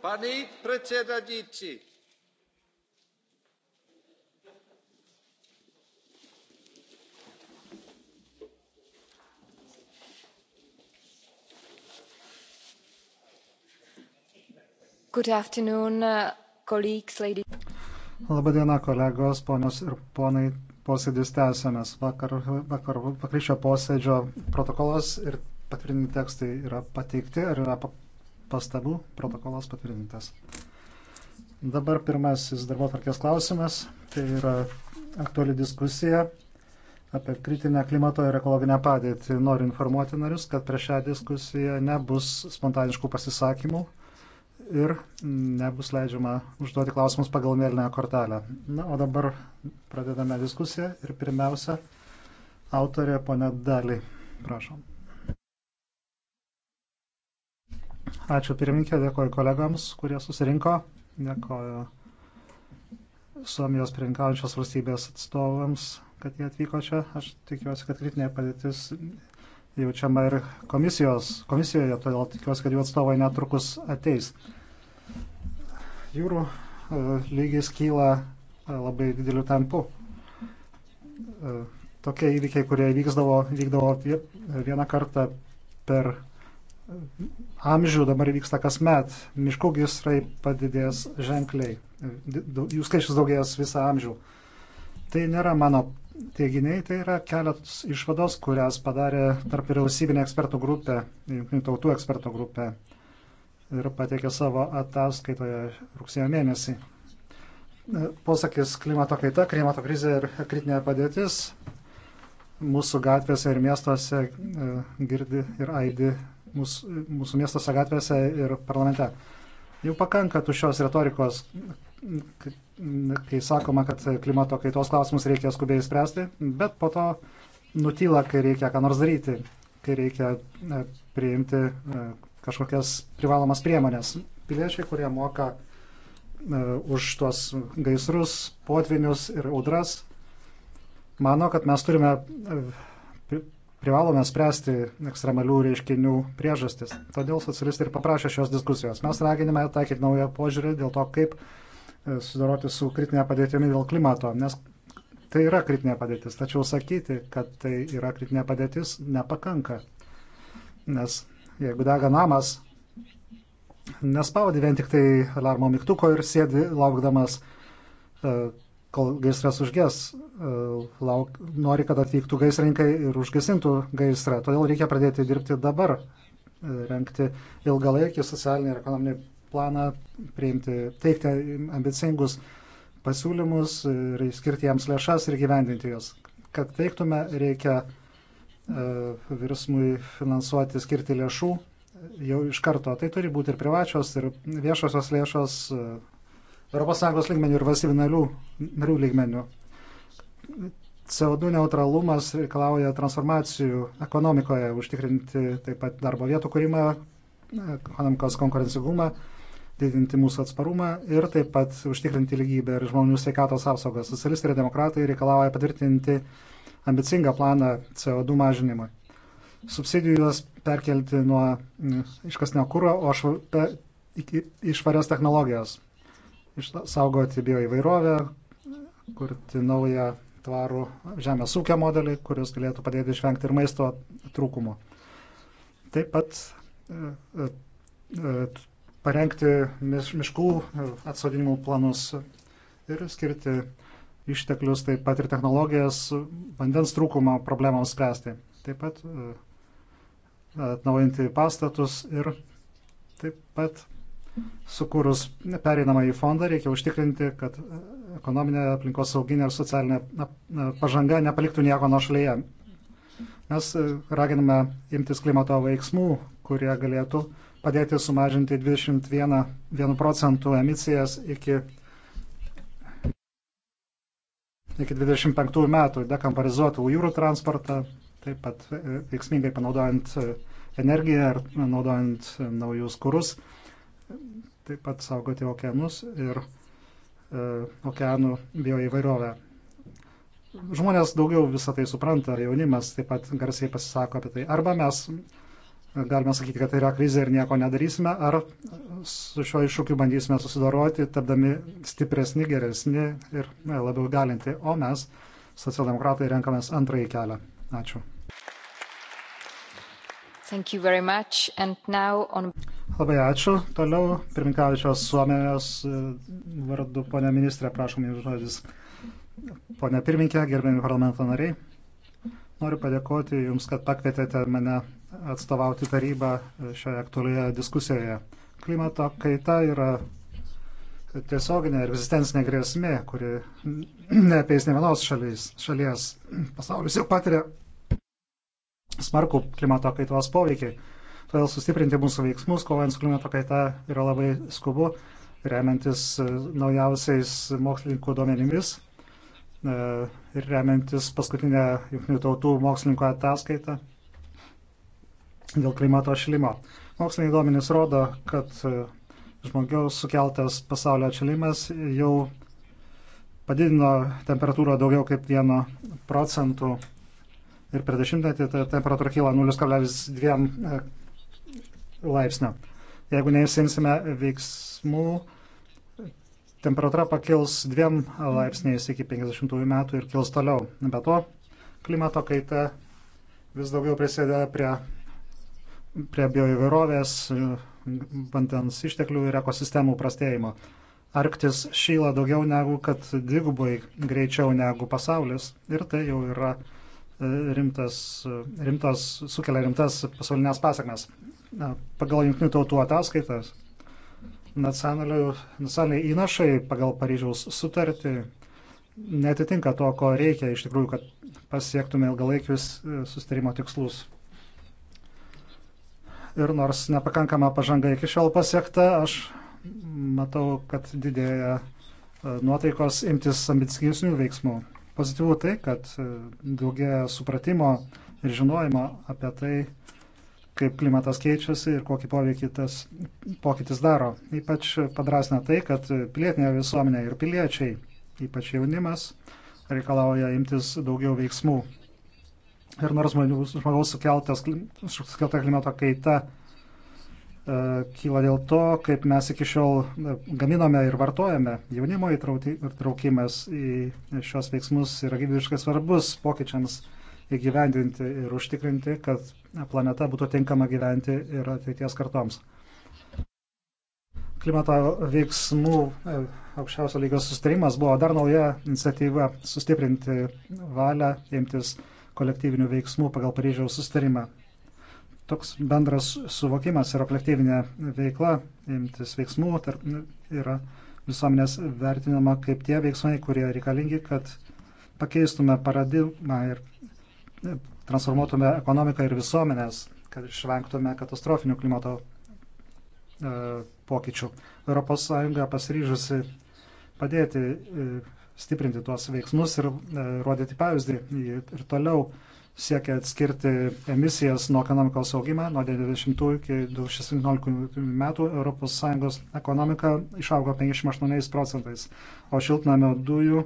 Pani predsedajúci. Uh, Labą dieną, kolegos, ponios ir ponai, posėdis tęsiamas. Vakar, vakar, vakarykščio posėdžio protokolas ir patvirtinti tekstai yra pateikti ar yra pastabų, protokolas patvirtintas. Dabar pirmasis darbo tvarkės klausimas, tai yra aktuali diskusija apie kritinę klimato ir ekologinę padėtį. Noriu informuoti narius, kad prieš šią diskusiją nebus spontaniškų pasisakymų ir nebus leidžiama užduoti klausimus pagal mėlynę kortelę. Na, o dabar pradedame diskusiją ir pirmiausia, autorė ponė Dali. Prašom. Ačiū pirmininkė, dėkoju kolegams, kurie susirinko, dėkoju Suomijos pirinkaujančios valstybės atstovams, kad jie atvyko čia. Aš tikiuosi, kad kritinė padėtis jaučiama ir komisijos, komisijoje, todėl tikiuosi, kad jų atstovai netrukus ateis. Jūrų e, lygis kyla e, labai dideliu tempu. E, tokie įvykiai, kurie vykdavo, vykdavo vieną kartą per amžių dabar vyksta kasmet. Miškų gaisrai padidės ženkliai. Jų skaičius daugės visą amžių. Tai nėra mano teiginiai, tai yra keletas išvados, kurias padarė tarp vyriausybinė ekspertų grupė, jungtinių tautų ekspertų grupė ir pateikė savo ataskaitoje rugsėjo mėnesį. Posakis klimato kaita, klimato krizė ir kritinė padėtis mūsų gatvėse ir miestuose e, girdi ir aidi mūsų, mūsų miestuose, gatvėse ir parlamente. Jau pakanka tuščios retorikos, kai sakoma, kad klimato kaitos klausimus reikia skubiai spręsti, bet po to nutyla, kai reikia ką nors daryti, kai reikia e, priimti e, kažkokias privalomas priemonės. Piliečiai, kurie moka e, už tuos gaisrus, potvinius ir audras, mano, kad mes turime privalome spręsti ekstremalių reiškinių priežastis. Todėl socialistai ir paprašė šios diskusijos. Mes raginime taikyti naują požiūrį dėl to, kaip e, sudaroti su kritinė padėtimi dėl klimato, nes tai yra kritinė padėtis. Tačiau sakyti, kad tai yra kritinė padėtis, nepakanka. Nes jeigu dega namas, nespaudi vien tik tai alarmo mygtuko ir sėdi laukdamas e, kol gaisras užges, e, lauk, nori, kad atvyktų gaisrinkai ir užgesintų gaisrą. Todėl reikia pradėti dirbti dabar, e, renkti ilgalaikį socialinį ir ekonominį planą, priimti, teikti ambicingus pasiūlymus ir skirti jiems lėšas ir gyvendinti juos. Kad veiktume, reikia e, virsmui finansuoti, skirti lėšų jau iš karto. Tai turi būti ir privačios, ir viešosios lėšos, ES lygmenių ir valstybių narių, narių lygmenių. CO2 neutralumas reikalauja transformacijų ekonomikoje, užtikrinti taip pat darbo vietų kūrimą, ekonomikos konkurencingumą, didinti mūsų atsparumą ir taip pat užtikrinti lygybę ir žmonių sveikatos apsaugą. Socialistai ir demokratai reikalauja patvirtinti ambicingą planą CO2 mažinimui. Subsidijos perkelti nuo iškasnio kūro, o šva, pe, iki, išvarios technologijos saugoti bioįvairovę, kurti naują tvarų žemės ūkio modelį, kuris galėtų padėti išvengti ir maisto trūkumo. Taip pat e, e, parengti miškų atsodinimų planus ir skirti išteklius, taip pat ir technologijas vandens trūkumo problemams spręsti. Taip pat e, atnaujinti pastatus ir taip pat Sukūrus pereinamą į fondą reikia užtikrinti, kad e, ekonominė aplinkos sauginė ir socialinė pažanga nepaliktų nieko nuo šalyje. Mes e, raginame imtis klimato veiksmų, kurie galėtų padėti sumažinti 21 procentų emisijas iki, iki 25 metų, dekamparizuotų jūrų transportą, taip pat e, veiksmingai panaudojant energiją ir naudojant naujus kurus taip pat saugoti okeanus ir e, okeanų bioįvairovę. Žmonės daugiau visą tai supranta, ar jaunimas taip pat garsiai pasisako apie tai. Arba mes galime sakyti, kad tai yra krizė ir nieko nedarysime, ar su šiuo iššūkiu bandysime susidoroti, tapdami stipresni, geresni ir ne, labiau galinti. O mes, socialdemokratai, renkamės antrąjį kelią. Ačiū. On... Labai ačiū. Toliau pirmininkaujančios Suomijos e, vardu, ponė ministrė, prašom jums žodis. Pone pirmininkė, gerbėmi parlamento nariai, noriu padėkoti Jums, kad pakvietėte mane atstovauti tarybą e, šioje aktualioje diskusijoje. Klimato kaita yra tiesioginė ir egzistencinė grėsmė, kuri neapeis ne vienos šalies. šalies. Pasaulis jau patiria smarkų klimato kaitos poveikį. Todėl sustiprinti mūsų veiksmus, kovojant su klimato kaita, yra labai skubu, remiantis e, naujausiais mokslininkų duomenimis e, ir remiantis paskutinę jungtinių tautų mokslininkų ataskaitą dėl klimato šilimo. Moksliniai duomenys rodo, kad e, žmogaus sukeltas pasaulio atšilimas jau padidino temperatūrą daugiau kaip 1 procentų ir per dešimtmetį ta temperatūra kyla 0,2 e, laipsnio. Jeigu neįsimsime veiksmų, temperatūra pakils 2 laipsniais iki 50 metų ir kils toliau. Be to, klimato kaita vis daugiau prisideda prie, prie bioįvairovės, vandens išteklių ir ekosistemų prastėjimo. Arktis šyla daugiau negu kad dvigubai greičiau negu pasaulis ir tai jau yra rimtas, rimtas, sukelia rimtas pasaulinės pasakmes. Pagal jungtinių tautų ataskaitas, nacionaliniai įnašai pagal Paryžiaus sutartį netitinka to, ko reikia iš tikrųjų, kad pasiektume ilgalaikius e, sustarimo tikslus. Ir nors nepakankama pažanga iki šiol pasiekta, aš matau, kad didėja e, nuotaikos imtis ambicingesnių veiksmų. Pozityvų tai, kad e, daugėja supratimo ir žinojimo apie tai, kaip klimatas keičiasi ir kokį poveikį tas pokytis daro. Ypač padrasna tai, kad pilietinė visuomenė ir piliečiai, ypač jaunimas, reikalauja imtis daugiau veiksmų. Ir nors žmogaus sukeltas, sukelta klimato kaita E, kyla dėl to, kaip mes iki šiol e, gaminome ir vartojame. Jaunimo įtraukimas į šios veiksmus yra gyvybiškai svarbus pokyčiams įgyvendinti ir užtikrinti, kad planeta būtų tinkama gyventi ir ateities kartoms. Klimato veiksmų e, aukščiausio lygio sustarimas buvo dar nauja iniciatyva sustiprinti valią imtis kolektyvinių veiksmų pagal Paryžiaus sustarimą toks bendras suvokimas ir kolektyvinė veikla, imtis veiksmų, tarp, yra visuomenės vertinama kaip tie veiksmai, kurie reikalingi, kad pakeistume paradigmą ir transformuotume ekonomiką ir visuomenės, kad išvengtume katastrofinių klimato e, pokyčių. ES pasiryžusi padėti e, stiprinti tuos veiksmus ir e, rodyti pavyzdį ir toliau siekia atskirti emisijas nuo ekonomikos augimą. Nuo 90 iki 2017 metų ES ekonomika išaugo 58 procentais, o šiltnamio dujų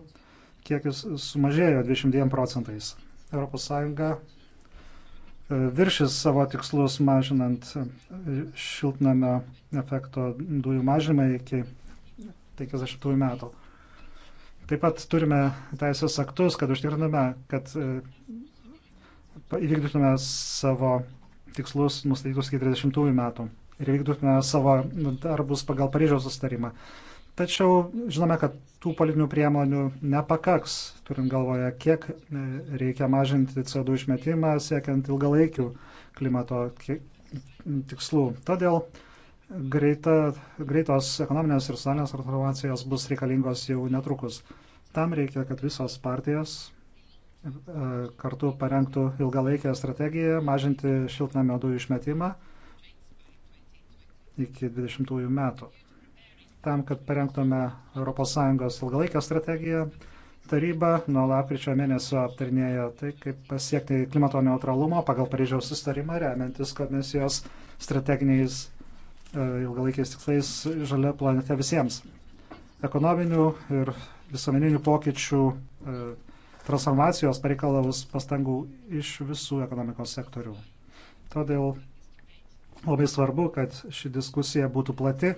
kiekis sumažėjo 22 procentais. ES e, viršis savo tikslus mažinant e, šiltnamio efekto dujų mažinimą iki 50 metų. Taip pat turime teisės aktus, kad užtikriname, kad e, įvykdytume savo tikslus nustatytus iki 30 metų ir vykdytume savo darbus pagal Paryžiaus sustarimą. Tačiau žinome, kad tų politinių priemonių nepakaks, turint galvoje, kiek e, reikia mažinti CO2 išmetimą siekiant ilgalaikių klimato tikslų. Todėl greita, greitos ekonominės ir socialinės transformacijos bus reikalingos jau netrukus. Tam reikia, kad visos partijos E, kartu parengtų ilgalaikę strategiją mažinti šiltnamio dujų išmetimą iki 20 metų. Tam, kad parengtume ES ilgalaikę strategiją, taryba nuo lapkričio mėnesio aptarnėjo tai, kaip pasiekti klimato neutralumo pagal Paryžiaus sustarimą, remiantis komisijos strateginiais e, ilgalaikiais tikslais žalia planeta visiems. Ekonominių ir visuomeninių pokyčių e, transformacijos pareikalavus pastangų iš visų ekonomikos sektorių. Todėl labai svarbu, kad ši diskusija būtų plati,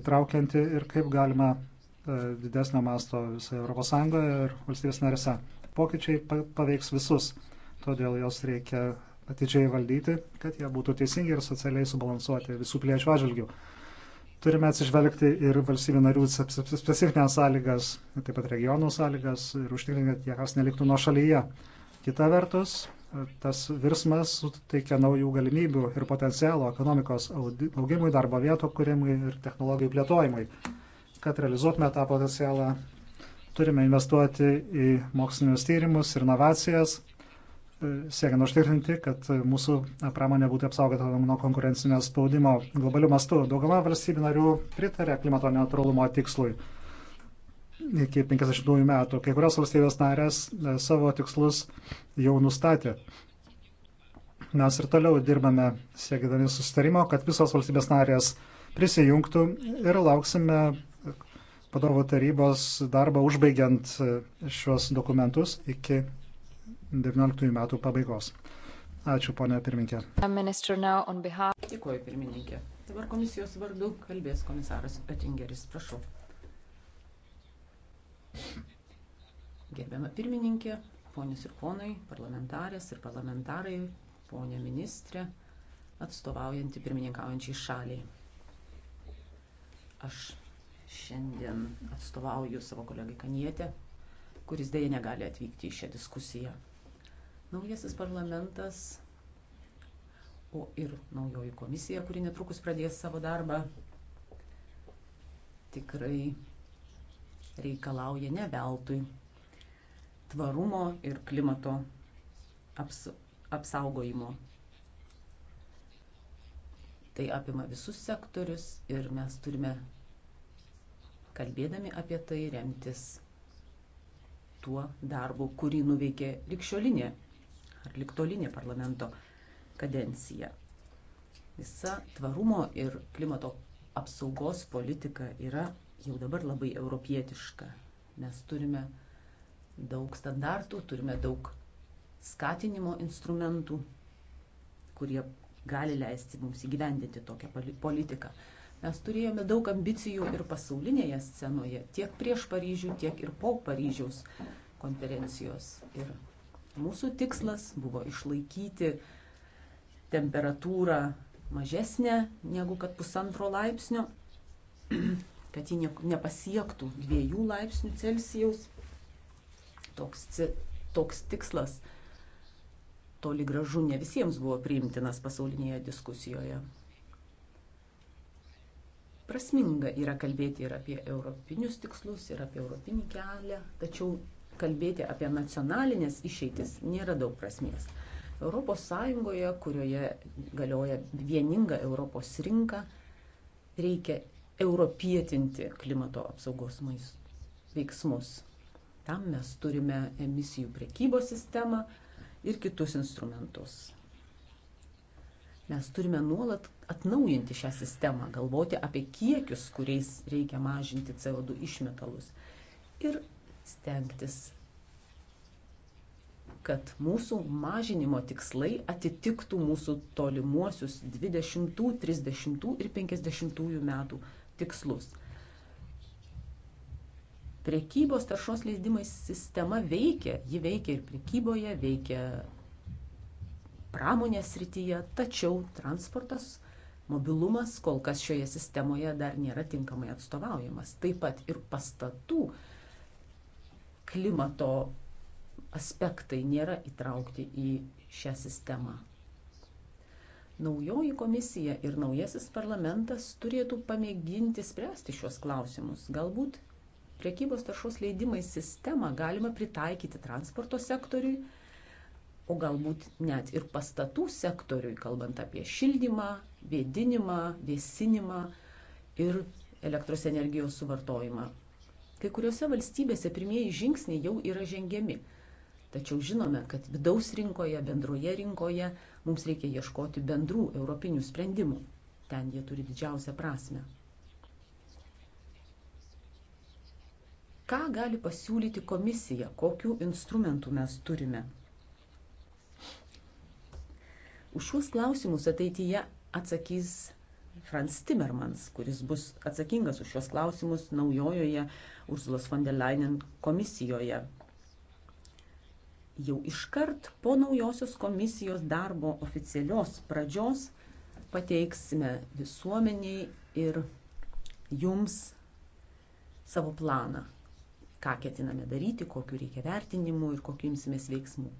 įtraukianti ir kaip galima e, didesnio masto visoje Europos Sąjungoje ir valstybės narėse. Pokyčiai paveiks visus, todėl jos reikia atidžiai valdyti, kad jie būtų teisingi ir socialiai subalansuoti visų piliečių atžvilgių turime atsižvelgti ir valstybių narių specifines sąlygas, taip pat regionų sąlygas ir užtikrinti, kad niekas neliktų nuo šalyje. Kita vertus, tas virsmas suteikia naujų galimybių ir potencialo ekonomikos augimui, darbo vietų kūrimui ir technologijų plėtojimui. Kad realizuotume tą potencialą, turime investuoti į mokslinius tyrimus ir inovacijas, siekiant užtikrinti, kad mūsų pramonė būtų apsaugota nuo konkurencinio spaudimo globalių mastų. Dauguma valstybių narių pritarė klimato neutralumo tikslui iki 50 metų. Kai kurios valstybės narės e, savo tikslus jau nustatė. Mes ir toliau dirbame siekdami sustarimo, kad visos valstybės narės prisijungtų ir lauksime vadovų tarybos darbą užbaigiant e, šiuos dokumentus iki 19 metų pabaigos. Ačiū, ponė pirmininkė. Dėkuoju, pirmininkė. Dabar komisijos vardu kalbės komisaras Petingeris, prašau. Gerbiama pirmininkė, ponius ir ponai, parlamentarės ir parlamentarai, ponė ministrė, atstovaujanti pirmininkaujančiai šaliai. Aš šiandien atstovauju savo kolegai Kanietę, kuris dėja negali atvykti į šią diskusiją. Naujasis parlamentas o ir naujoji komisija, kuri netrukus pradės savo darbą, tikrai reikalauja ne veltui tvarumo ir klimato aps apsaugojimo. Tai apima visus sektorius ir mes turime, kalbėdami apie tai, remtis tuo darbu, kurį nuveikė likščiolinė ar liktolinė parlamento kadencija. Visa tvarumo ir klimato apsaugos politika yra jau dabar labai europietiška. Mes turime daug standartų, turime daug skatinimo instrumentų, kurie gali leisti mums įgyvendinti tokią politiką. Mes turėjome daug ambicijų ir pasaulinėje scenoje, tiek prieš Paryžių, tiek ir po Paryžiaus konferencijos. Ir Mūsų tikslas buvo išlaikyti temperatūrą mažesnė negu kad pusantro laipsnio, kad ji nepasiektų dviejų laipsnių Celsijaus. Toks, toks tikslas toli gražu ne visiems buvo priimtinas pasaulinėje diskusijoje. Prasminga yra kalbėti ir apie europinius tikslus, ir apie europinį kelią, tačiau kalbėti apie nacionalinės išeitis nėra daug prasmės. ES, kurioje galioja vieninga Europos rinka, reikia europietinti klimato apsaugos veiksmus. Tam mes turime emisijų priekybos sistemą ir kitus instrumentus. Mes turime nuolat atnaujinti šią sistemą, galvoti apie kiekius, kuriais reikia mažinti CO2 išmetalus. Ir stengtis, kad mūsų mažinimo tikslai atitiktų mūsų tolimuosius 20, 30 ir 50 metų tikslus. Prekybos taršos leidimais sistema veikia, ji veikia ir prekyboje, veikia pramonės srityje, tačiau transportas, mobilumas kol kas šioje sistemoje dar nėra tinkamai atstovaujamas. Taip pat ir pastatų uh, klimato aspektai nėra įtraukti į šią sistemą. Naujoji komisija ir naujasis parlamentas turėtų pamėginti spręsti šios klausimus. Galbūt priekybos taršos leidimai sistemą galima pritaikyti transporto sektoriui, o galbūt net ir pastatų sektoriui, kalbant apie šildymą, vėdinimą, vėsinimą ir elektros energijos suvartojimą. Kai kuriuose valstybėse pirmieji žingsniai jau yra žengiami. Tačiau žinome, kad vidaus rinkoje, bendroje rinkoje mums reikia ieškoti bendrų europinių sprendimų. Ten jie turi didžiausią prasme. Ką gali pasiūlyti komisija, kokių instrumentų mes turime? Už šiuos klausimus ateityje atsakys Franz Timmermans, kuris bus atsakingas už šios klausimus naujojoje Ursulos von der Leyen komisijoje. Jau iškart po naujosios komisijos darbo oficialios pradžios pateiksime visuomeniai ir jums savo planą, ką ketiname daryti, kokiu reikia vertinimu ir kokiu imsimės veiksmų.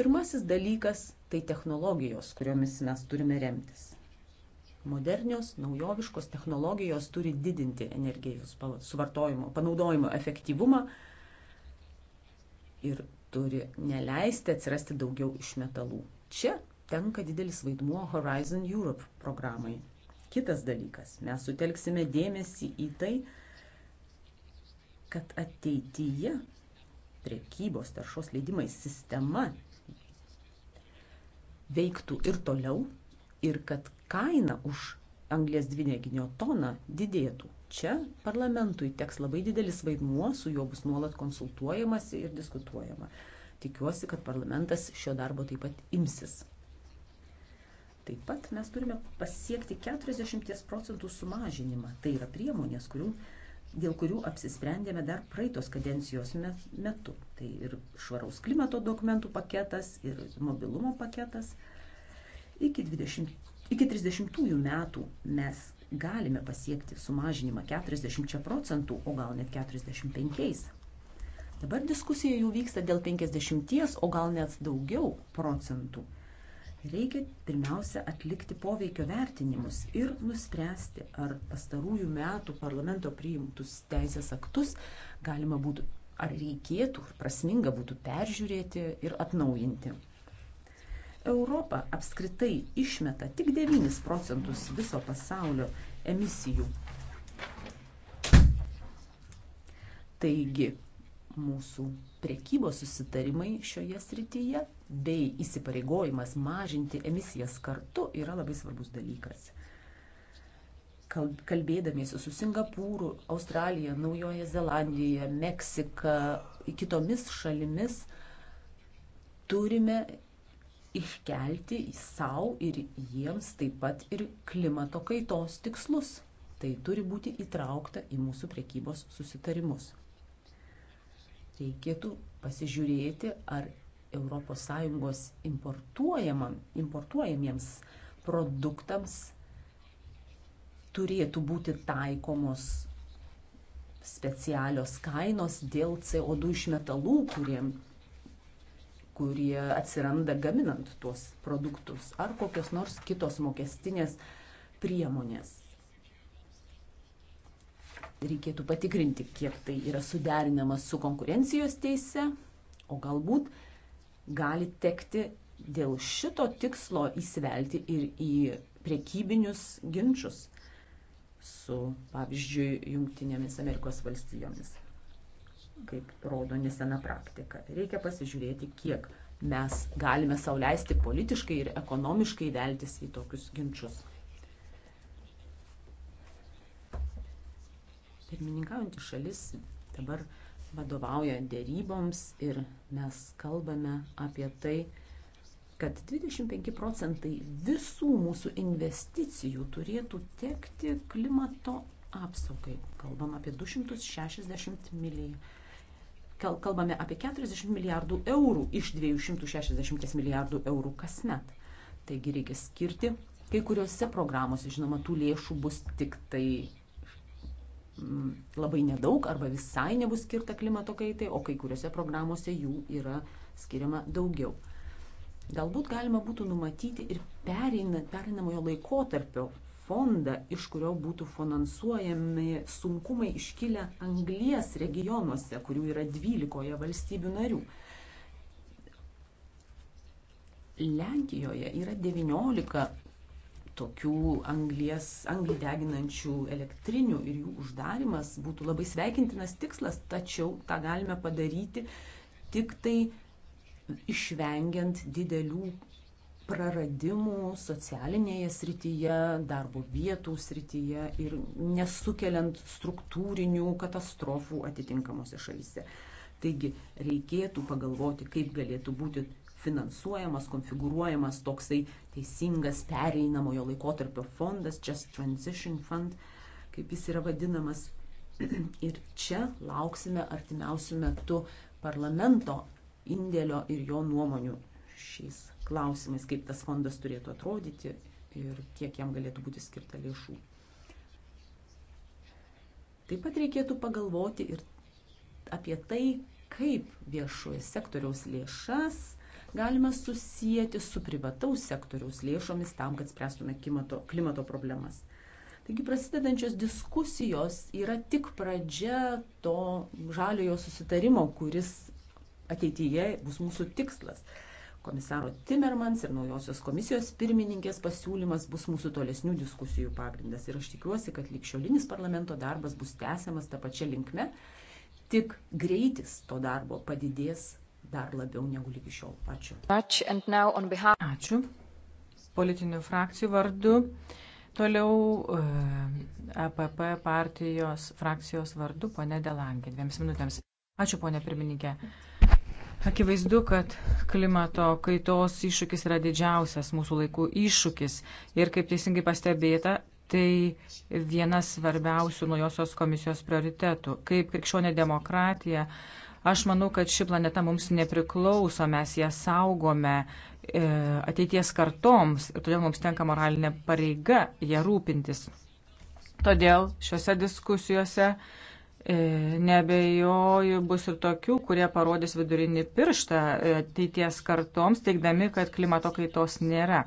Pirmasis dalykas - tai technologijos, kuriomis mes turime remtis. Modernios, naujoviškos technologijos turi didinti energijos suvartojimo, panaudojimo efektyvumą ir turi neleisti atsirasti daugiau iš metalų. Čia tenka didelis vaidmuo Horizon Europe programai. Kitas dalykas, mes sutelksime dėmesį į tai, kad ateityje priekybos taršos leidimais sistema veiktų ir toliau, ir kad kaina už anglės dvideginio toną didėtų. Čia parlamentui teks labai didelis vaidmuo, su juo bus nuolat konsultuojamasi ir diskutuojama. Tikiuosi, kad parlamentas šio darbo taip pat imsis. Taip pat mes turime pasiekti 40 procentų sumažinimą. Tai yra priemonės, kurių, dėl kurių apsisprendėme dar praeitos kadencijos metu. Tai ir švaraus klimato dokumentų paketas, ir mobilumo paketas – Iki, 20, iki 30 metų mes galime pasiekti sumažinimą 40 procentų, o gal net 45. Dabar diskusija jau vyksta dėl 50, o gal net daugiau procentų. Reikia pirmiausia atlikti poveikio vertinimus ir nuspręsti, ar pastarųjų metų parlamento priimtus teisės aktus galima būtų, ar reikėtų, prasminga būtų peržiūrėti ir atnaujinti. Europa apskritai išmeta tik 9 procentus viso pasaulio emisijų. Taigi, mūsų prekybos susitarimai šioje srityje bei įsipareigojimas mažinti emisijas kartu yra labai svarbus dalykas. Kalbėdamiesi su Singapūru, Australija, Naujoje Zelandijoje, Meksika, kitomis šalimis, turime iškelti į savo ir jiems taip pat ir klimato kaitos tikslus. Tai turi būti įtraukta į mūsų prekybos susitarimus. Reikėtų pasižiūrėti, ar ES importuojamiems produktams turėtų būti taikomos specialios kainos dėl CO2 išmetalų, kuriem, kurie atsiranda gaminant tuos produktus, ar kokios nors kitos mokestinės priemonės. Reikėtų patikrinti, kiek tai yra suderinama su konkurencijos teise, o galbūt gali tekti dėl šito tikslo įsivelti ir į priekybinius ginčius su, pavyzdžiui, Junktinėmis Amerikos valstijomis kaip rodo nesena praktika. Reikia pasižiūrėti, kiek mes galime sauliaisti politiškai ir ekonomiškai veltis į tokius ginčius. Pirmininkaujantis šalis dabar vadovauja dėryboms ir mes kalbame apie tai, kad 25 procentai visų mūsų investicijų turėtų tekti klimato apsaugai. Kalbam apie 260 milijonų kalbame apie 40 milijardų eurų iš 260 milijardų eurų kasmet. Taigi reikia skirti kai kuriuose programuose, žinoma, tų lėšų bus tik tai mm, labai nedaug arba visai nebus skirta klimato kaitai, o kai kuriuose programuose jų yra skiriama daugiau. Galbūt galima būtų numatyti ir pereinamojo laikotarpio fondą, iš kurio būtų finansuojami sunkumai iškilę Anglijas regionuose, kurių yra 12 valstybių narių. Lenkijoje yra 19 tokių anglies, anglį deginančių elektrinių ir jų uždarimas būtų labai sveikintinas tikslas, tačiau tą galime padaryti tik tai išvengiant didelių praradimų socialinėje srityje, darbo vietų srityje ir nesukeliant struktūrinių katastrofų atitinkamose šalyse. Taigi reikėtų pagalvoti, kaip galėtų būti finansuojamas, konfigūruojamas toksai teisingas pereinamojo laikotarpio fondas, Just Transition Fund, kaip jis yra vadinamas. Ir čia lauksime artimiausių metų parlamento indėlio ir jo nuomonių šiais klausimais, kaip tas fondas turėtų atrodyti ir kiek jam galėtų būti skirta lėšų. Taip pat reikėtų pagalvoti ir apie tai, kaip viešoje sektoriaus lėšas galima susijęti su privataus sektoriaus lėšomis tam, kad spręstume klimato, klimato problemas. Taigi prasidedančios diskusijos yra tik pradžia to žaliojo susitarimo, kuris ateityje bus mūsų tikslas. Komisaro Timmermans ir naujosios komisijos pirmininkės pasiūlymas bus mūsų tolesnių diskusijų pagrindas. Ir aš tikiuosi, kad likščiolinis parlamento darbas bus tęsiamas tą pačią linkmę, tik greitis to darbo padidės dar labiau negu iki šiol. Ačiū. Ačiū. Politinių frakcijų vardu. Toliau APP e, e partijos frakcijos vardu, ponė Delangė, dviems minutėms. Ačiū, ponė pirmininkė. Akivaizdu, kad klimato kaitos iššūkis yra didžiausias mūsų laikų iššūkis ir, kaip teisingai pastebėta, tai vienas svarbiausių naujosios komisijos prioritetų. Kaip krikščionė demokratija, aš manau, kad ši planeta mums nepriklauso, mes ją saugome e, ateities kartoms ir todėl mums tenka moralinė pareiga ją rūpintis. Todėl šiuose diskusijose uh, E, Nebejoju, bus ir tokių, kurie parodys vidurinį pirštą ateities kartoms, teikdami, kad klimato kaitos nėra.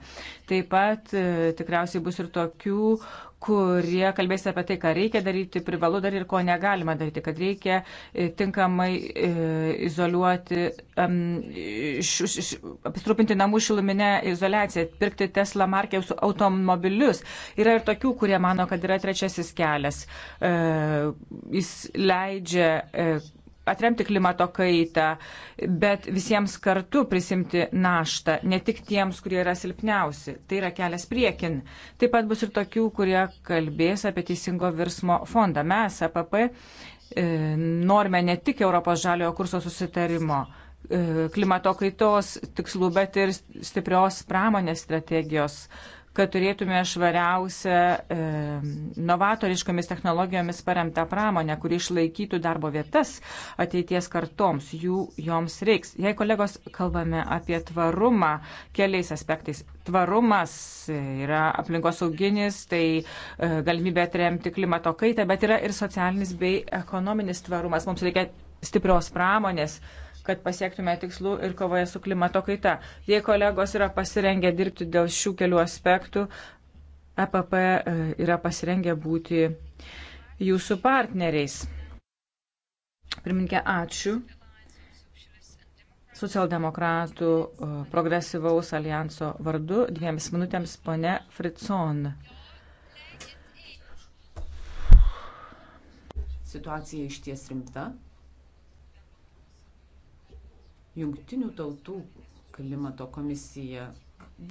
Taip pat e, tikriausiai bus ir tokių, kurie kalbės apie tai, ką reikia daryti, privalu daryti ir ko negalima daryti, kad reikia e, tinkamai e, izoliuoti, apstrūpinti namų šiluminę izolaciją, pirkti Tesla markės automobilius. Yra ir tokių, kurie mano, kad yra trečiasis kelias. E, jis leidžia atremti klimato kaitą, bet visiems kartu prisimti naštą, ne tik tiems, kurie yra silpniausi. Tai yra kelias priekin. Taip pat bus ir tokių, kurie kalbės apie teisingo virsmo fondą. Mes, APP, e, norime ne tik Europos žaliojo kurso susitarimo e, klimato kaitos tikslų, bet ir stiprios pramonės strategijos kad turėtume švariausią e, novatoriškomis technologijomis paremtą pramonę, kuri išlaikytų darbo vietas ateities kartoms, jų joms reiks. Jei kolegos kalbame apie tvarumą keliais aspektais, tvarumas yra aplinkosauginis, tai e, galimybė atremti klimato kaitą, bet yra ir socialinis bei ekonominis tvarumas. Mums reikia stiprios pramonės kad pasiektume tikslų ir kovoje su klimato kaita. Jei kolegos yra pasirengę dirbti dėl šių kelių aspektų, EPP e, yra pasirengę būti jūsų partneriais. Pirminkė, ačiū. Socialdemokratų e, progresyvaus alijanso vardu dviems minutėms pone Fritson. Situacija iš ties rimta. Jungtinių tautų klimato komisija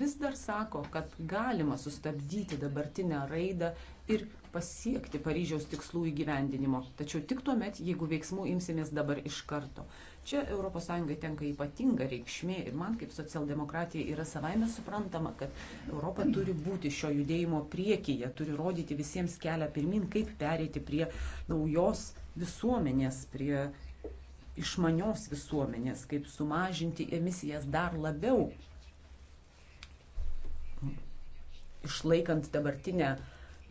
vis dar sako, kad galima sustabdyti dabartinę raidą ir pasiekti Paryžiaus tikslų įgyvendinimo, tačiau tik tuo met, jeigu veiksmų imsimės dabar iš karto. Čia ES tenka ypatinga reikšmė ir man kaip socialdemokratija yra savaime suprantama, kad Europa turi būti šio judėjimo priekyje, turi rodyti visiems kelią pirmin, kaip perėti prie naujos visuomenės, prie išmanios visuomenės, kaip sumažinti emisijas dar labiau, išlaikant dabartinę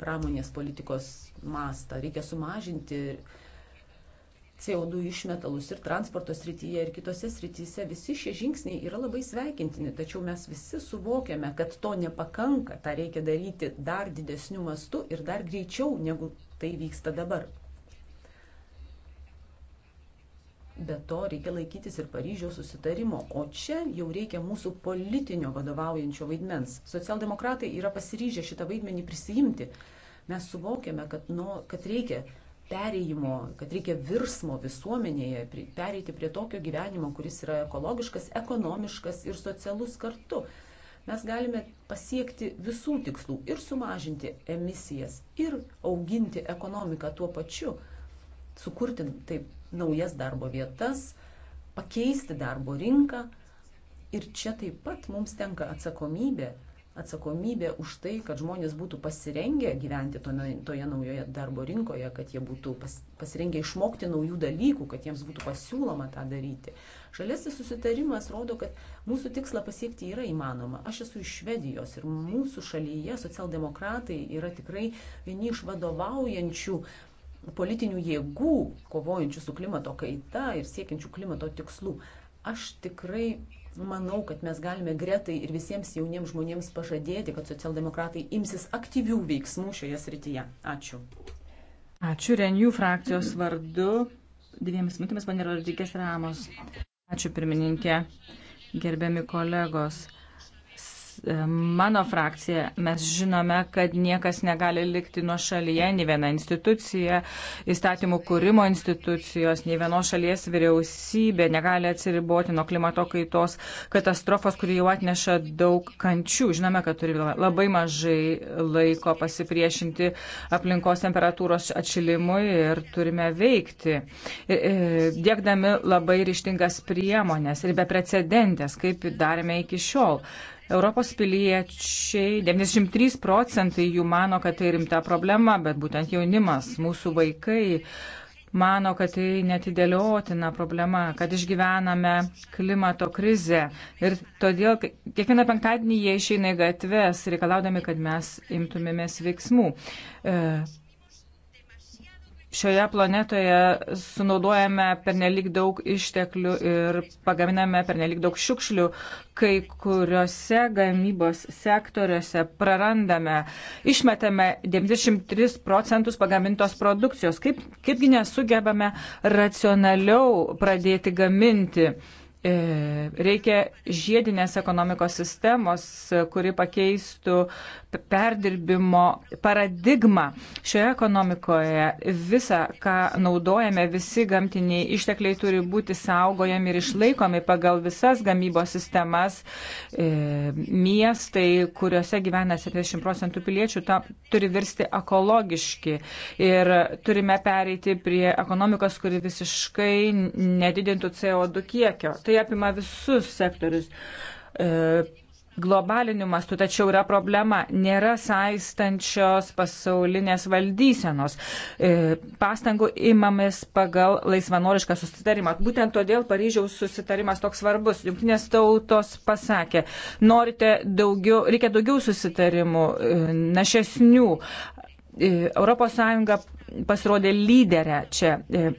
pramonės politikos mastą. Reikia sumažinti CO2 išmetalus ir transporto srityje, ir kitose srityse. Visi šie žingsniai yra labai sveikintini, tačiau mes visi suvokiame, kad to nepakanka, tą reikia daryti dar didesniu mastu ir dar greičiau, negu tai vyksta dabar. Be to reikia laikytis ir Paryžiaus susitarimo, o čia jau reikia mūsų politinio vadovaujančio vaidmens. Socialdemokratai yra pasiryžę šitą vaidmenį prisijimti. Mes suvokiame, kad, nu, kad reikia pereimo, kad reikia virsmo visuomenėje, pereiti prie tokio gyvenimo, kuris yra ekologiškas, ekonomiškas ir socialus kartu. Mes galime pasiekti visų tikslų ir sumažinti emisijas, ir auginti ekonomiką tuo pačiu, sukurti taip naujas darbo vietas, pakeisti darbo rinką. Ir čia taip pat mums tenka atsakomybė, atsakomybė už tai, kad žmonės būtų pasirengę gyventi toje naujoje darbo rinkoje, kad jie būtų pasirengę išmokti naujų dalykų, kad jiems būtų pasiūloma tą daryti. Žalėsis susitarimas rodo, kad mūsų tikslą pasiekti yra įmanoma. Aš esu iš Švedijos ir mūsų šalyje socialdemokratai yra tikrai vieni iš vadovaujančių politinių jėgų kovojančių su klimato kaita ir siekiančių klimato tikslų. Aš tikrai manau, kad mes galime Gretai ir visiems jauniems žmonėms pažadėti, kad socialdemokratai imsis aktyvių veiksmų šioje srityje. Ačiū. Ačiū Renijų frakcijos vardu. Dviemis minutėmis panė Rodrygės Ramos. Ačiū pirmininkė. Gerbiami kolegos E, mano frakcija, mes žinome, kad niekas negali likti nuo šalyje, nei viena institucija, įstatymų kūrimo institucijos, nei vienos šalies vyriausybė negali atsiriboti nuo klimato kaitos katastrofos, kuri jau atneša daug kančių. Žinome, kad turi labai mažai laiko pasipriešinti aplinkos temperatūros atšilimui ir turime veikti, e, e, dėkdami labai ryštingas priemonės ir beprecedentės, kaip darėme iki šiol. Europos piliečiai, 93 procentai jų mano, kad tai rimta problema, bet būtent jaunimas, mūsų vaikai mano, kad tai netidėliotina problema, kad išgyvename klimato krizę. Ir todėl kiekvieną penktadienį jie išeina į gatves, reikalaudami, kad mes imtumėmės veiksmų. E, šioje planetoje sunaudojame pernelik daug išteklių ir pagaminame pernelik daug šiukšlių, kai kuriuose gamybos sektoriuose prarandame, išmetame 93 procentus pagamintos produkcijos. Kaip, kaipgi nesugebame racionaliau pradėti gaminti? E, reikia žiedinės ekonomikos sistemos, kuri pakeistų perdirbimo paradigmą. Šioje ekonomikoje visa, ką naudojame, visi gamtiniai ištekliai turi būti saugojami ir išlaikomi pagal visas gamybos sistemas. E, miestai, kuriuose gyvena 70 procentų piliečių, ta, turi virsti ekologiški. Ir turime pereiti prie ekonomikos, kuri visiškai nedidintų CO2 kiekio. Tai kuri apima visus sektorius. E, globaliniu mastu, tačiau yra problema, nėra saistančios pasaulinės valdysenos. E, pastangų imamės pagal laisvanorišką susitarimą. Būtent todėl Paryžiaus susitarimas toks svarbus. Junktinės tautos pasakė, norite daugiau, reikia daugiau susitarimų, e, našesnių. ES pasirodė lyderę čia e,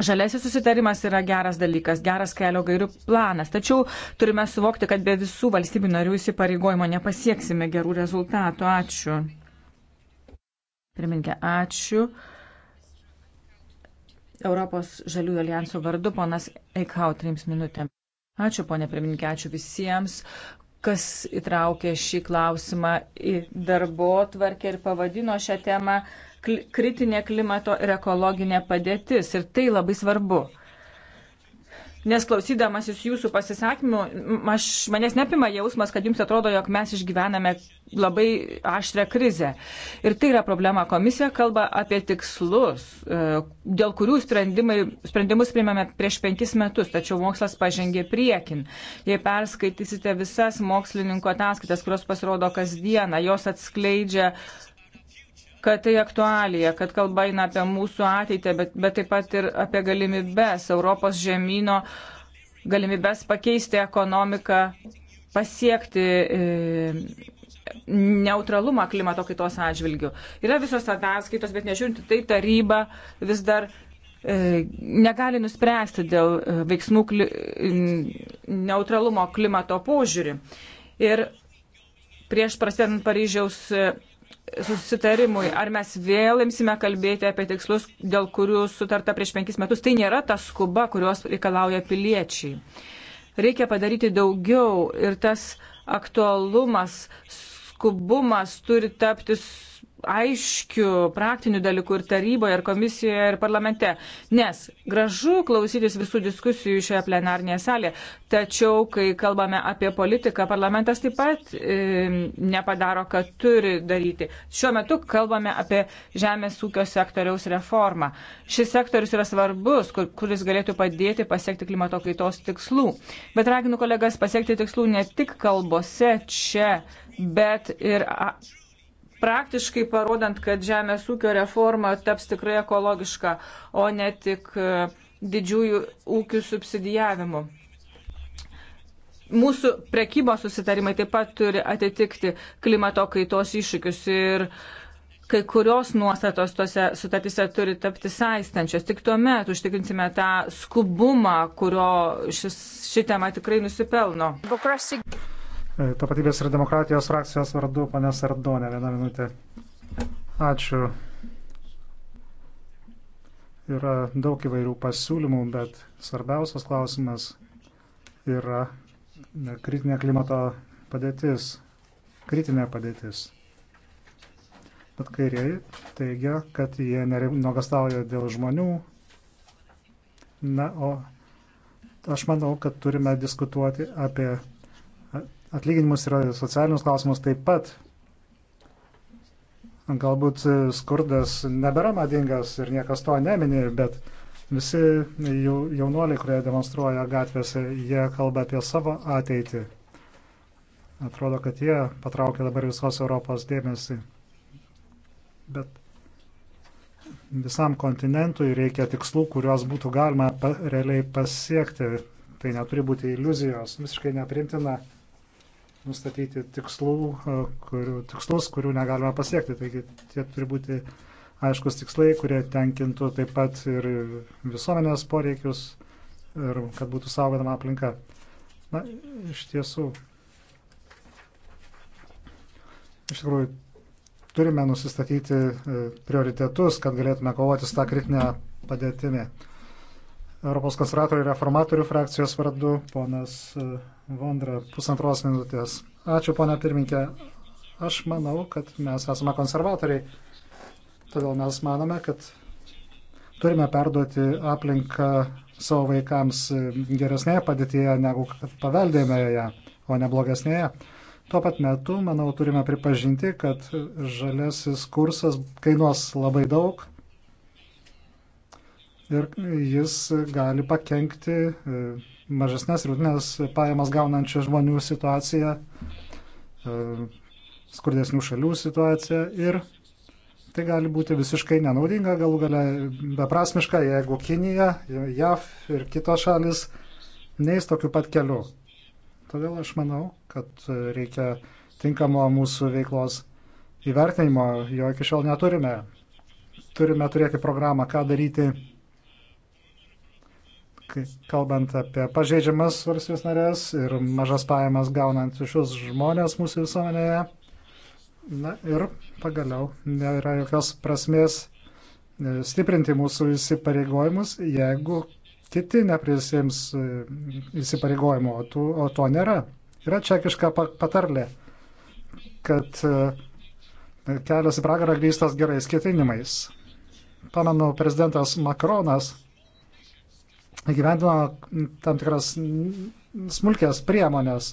Žalesis susitarimas yra geras dalykas, geras kelio gairių planas, tačiau turime suvokti, kad be visų valstybių narių įsipareigojimo nepasieksime gerų rezultatų. Ačiū. Pirminkė, ačiū. Europos žaliųjų alijanso vardu ponas Eikau trims minutėm. Ačiū, ponė pirmininkė, ačiū visiems, kas įtraukė šį klausimą į darbo tvarkę ir pavadino šią temą kritinė klimato ir ekologinė padėtis. Ir tai labai svarbu. Nes klausydamasis jūsų pasisakymų, aš, manęs nepima jausmas, kad jums atrodo, jog mes išgyvename labai aštrę krizę. Ir tai yra problema. Komisija kalba apie tikslus, e, dėl kurių sprendimus priimame prieš penkis metus, tačiau mokslas pažengė priekin. Jei perskaitysite visas mokslininkų ataskaitas, kurios pasirodo kasdieną, jos atskleidžia kad tai aktualija, kad kalba eina apie mūsų ateitį, bet, bet taip pat ir apie galimybės Europos žemynų, galimybės pakeisti ekonomiką, pasiekti e, neutralumą klimato kaitos atžvilgių. Yra visos ataskaitos, bet nežiūrint, tai taryba vis dar e, negali nuspręsti dėl e, veiksmų kli, neutralumo klimato požiūrį. Ir prieš prasidant Paryžiaus susitarimui, ar mes vėl imsime kalbėti apie tikslus, dėl kurių sutarta prieš penkis metus, tai nėra ta skuba, kurios reikalauja piliečiai. Reikia padaryti daugiau ir tas aktualumas, skubumas turi tapti aiškių praktinių dalykų ir taryboje, ir komisijoje, ir parlamente. Nes gražu klausytis visų diskusijų šioje plenarnėje salėje, tačiau kai kalbame apie politiką, parlamentas taip pat e, nepadaro, kad turi daryti. Šiuo metu kalbame apie žemės ūkio sektoriaus reformą. Šis sektorius yra svarbus, kur, kuris galėtų padėti pasiekti klimato kaitos tikslų. Bet raginu kolegas pasiekti tikslų ne tik kalbose čia, bet ir praktiškai parodant, kad žemės ūkio reforma taps tikrai ekologiška, o ne tik e, didžiųjų ūkių subsidijavimu. Mūsų prekybos susitarimai taip pat turi atitikti klimato kaitos iššūkius ir kai kurios nuostatos tose sutartise turi tapti saistančios. Tik tuomet užtikrinsime tą skubumą, kurio šis, ši tema tikrai nusipelno. E, Tapatybės ir demokratijos frakcijos vardu, pane Sardonė, vieną minutę. Ačiū. Yra daug įvairių pasiūlymų, bet svarbiausias klausimas yra kritinė klimato padėtis, kritinė padėtis. Bet kairiai teigia, kad jie nuogastauja dėl žmonių. Na, o aš manau, kad turime diskutuoti apie atlyginimus ir socialinius klausimus taip pat. Galbūt skurdas nebėra madingas ir niekas to nemini, bet visi jaunuoliai, kurie demonstruoja gatvėse, jie kalba apie savo ateitį. Atrodo, kad jie patraukia dabar visos Europos dėmesį. Bet visam kontinentui reikia tikslų, kuriuos būtų galima pa, realiai pasiekti. Tai neturi būti iliuzijos. Visiškai neprimtina nustatyti tikslų, kurių, tikslus, kurių negalima pasiekti. Taigi tie turi būti aiškus tikslai, kurie tenkintų taip pat ir visuomenės poreikius ir kad būtų saugodama aplinka. Na, iš tiesų, iš tikrųjų, turime nusistatyti e, prioritetus, kad galėtume kovoti su tą kritinę padėtimi. Europos konservatorių reformatorių frakcijos vardu, ponas e, Vondra, pusantros minutės. Ačiū, ponia pirminkė. Aš manau, kad mes esame konservatoriai, todėl mes manome, kad turime perduoti aplinką savo vaikams geresnėje padėtyje, negu kad paveldėjome ją, o ne blogesnėje. Tuo pat metu, manau, turime pripažinti, kad žalesis kursas kainuos labai daug ir jis gali pakengti e, mažesnės ir vidutinės pajamas gaunančių žmonių situaciją, e, skurdesnių šalių situaciją ir tai gali būti visiškai nenaudinga, galų gale beprasmiška, jeigu Kinija, JAV ir kitos šalis neįs tokiu pat keliu. Todėl aš manau, kad reikia tinkamo mūsų veiklos įvertinimo, jo iki šiol neturime. Turime turėti programą, ką daryti kalbant apie pažeidžiamas valstybės narės ir mažas pajamas gaunant šius žmonės mūsų visuomenėje. Na ir pagaliau nėra jokios prasmės e, stiprinti mūsų įsipareigojimus, jeigu kiti neprisėms e, įsipareigojimo, o, tų, o to nėra. Yra čekiška patarlė, kad e, kelias į pragarą grįstas gerais ketinimais. Pamenu, prezidentas Makronas įgyvendino tam tikras smulkės priemonės,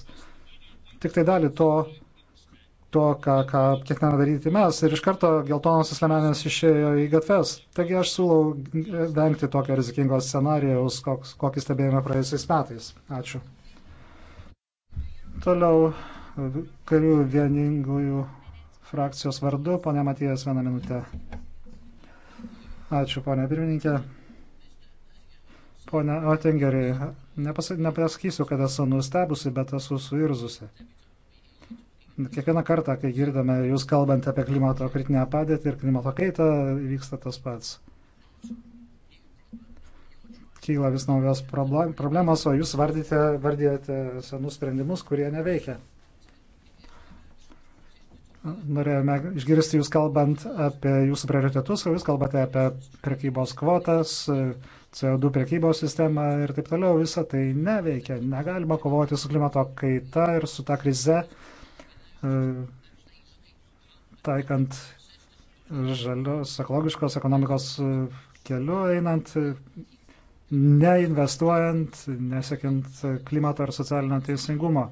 tik tai dalį to, to ką, ką ketiname daryti mes. Ir iš karto geltonosios lemenės išėjo į gatves. Taigi aš siūlau vengti tokio rizikingo scenarijaus, kokį stebėjome praėjusiais metais. Ačiū. Toliau karių vieningųjų frakcijos vardu, ponė Matijas, vieną minutę. Ačiū, ponė pirmininkė. Pone Otingeri, nepasakysiu, kad esu nustebusi, bet esu suirzusi. Kiekvieną kartą, kai girdame jūs kalbant apie klimato kritinę padėtį ir klimato kaitą, vyksta tas pats. Kyla vis naujos problemos, o jūs vardite, vardijate senus sprendimus, kurie neveikia. Norėjome išgirsti jūs kalbant apie jūsų prioritetus, o jūs kalbate apie prekybos kvotas, CO2 priekybos sistemą ir taip toliau, visa tai neveikia. Negalima kovoti su klimato kaita ir su ta krize, e, taikant žalios ekologiškos ekonomikos e, keliu einant, neinvestuojant, nesiekint klimato ir socialinio teisingumo.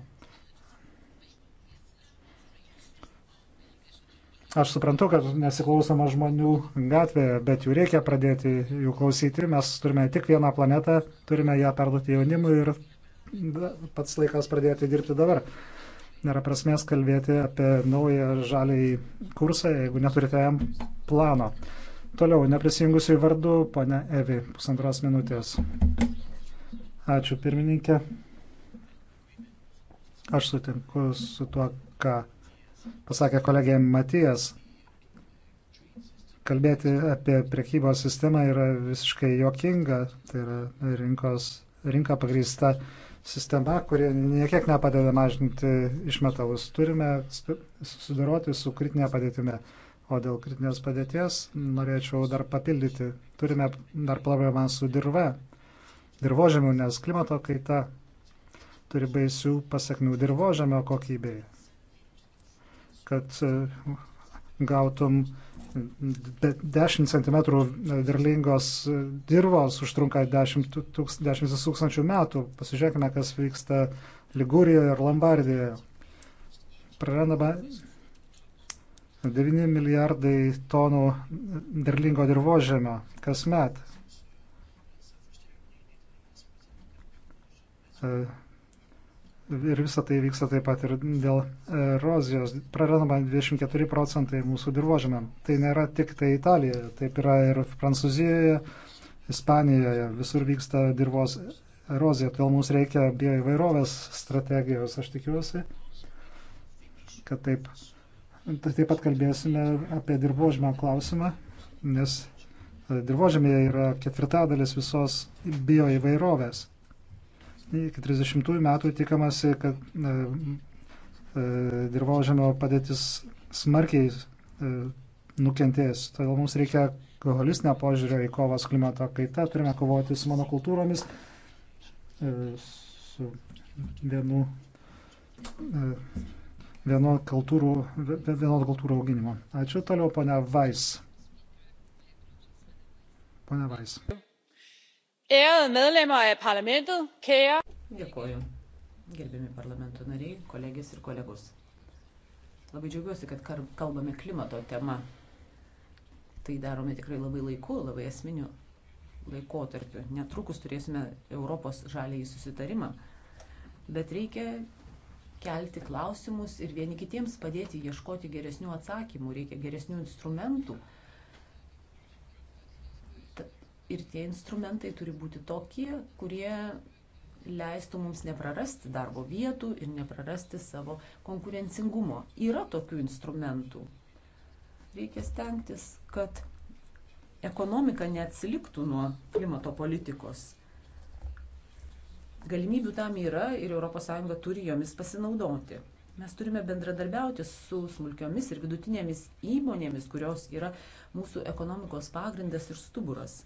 Aš suprantu, kad nesiklausoma žmonių gatvėje, bet jų reikia pradėti jų klausyti. Mes turime tik vieną planetą, turime ją perduoti jaunimui ir pats laikas pradėti dirbti dabar. Nėra prasmės kalbėti apie naują žaliai kursą, jeigu neturite jam plano. Toliau, neprisijungusiu į vardu, pane Evi, pusantros minutės. Ačiū pirmininkė. Aš sutinku su tuo, ką pasakė kolegė Matijas, kalbėti apie prekybos sistemą yra visiškai jokinga, tai yra rinkos, rinka pagrįsta sistema, kuri niekiek nepadeda mažinti išmetalus. Turime susidoroti su kritinė padėtime. O dėl kritinės padėties norėčiau dar papildyti. Turime dar problemą su dirve, dirbožėmiu, nes klimato kaita turi baisių pasiekmių dirbožėmio kokybėje kad e, gautum 10 cm e, derlingos e, dirvos užtrunka 10 tūkstančių metų. Pasižiūrėkime, kas vyksta Ligūrijoje ir Lombardijoje. Prarandama 9 milijardai tonų derlingo dirbožėmio kasmet ir visą tai vyksta taip pat ir dėl erozijos. Prarandama 24 procentai mūsų dirbožėmėm. Tai nėra tik tai Italijoje, taip yra ir Prancūzijoje, Ispanijoje, visur vyksta dirbos erozija, todėl mums reikia bioįvairovės strategijos, aš tikiuosi, kad taip. Taip pat kalbėsime apie dirbožėmio klausimą, nes dirbožėmėje yra ketvirtadalis visos bioįvairovės iki 30 metų tikamasi, kad e, e, dirbožėmio padėtis smarkiai e, nukentės. Todėl mums reikia holistinio požiūrio į kovą su klimato kaita, turime kovoti su monokultūromis, e, su vienu, e, vieno kultūrų, vienodų kultūrų auginimo. Ačiū toliau, ponia Vais. Ponia Vais. Ačiū. Dėkoju. Gerbiami parlamento nariai, kolegės ir kolegos. Labai džiaugiuosi, kad kalbame klimato tema. Tai darome tikrai labai laiku, labai esminiu laikotarpiu. Netrukus turėsime Europos žaliai susitarimą. Bet reikia kelti klausimus ir vieni kitiems padėti ieškoti geresnių atsakymų, reikia geresnių instrumentų ir tie instrumentai turi būti tokie, kurie leistų mums neprarasti darbo vietų ir neprarasti savo konkurencingumo. Yra tokių instrumentų. Reikia stengtis, kad ekonomika neatsiliktų nuo klimato politikos. Galimybių tam yra ir ES turi jomis pasinaudoti. Mes turime bendradarbiauti su smulkiomis ir vidutinėmis įmonėmis, kurios yra mūsų ekonomikos pagrindas ir stuburas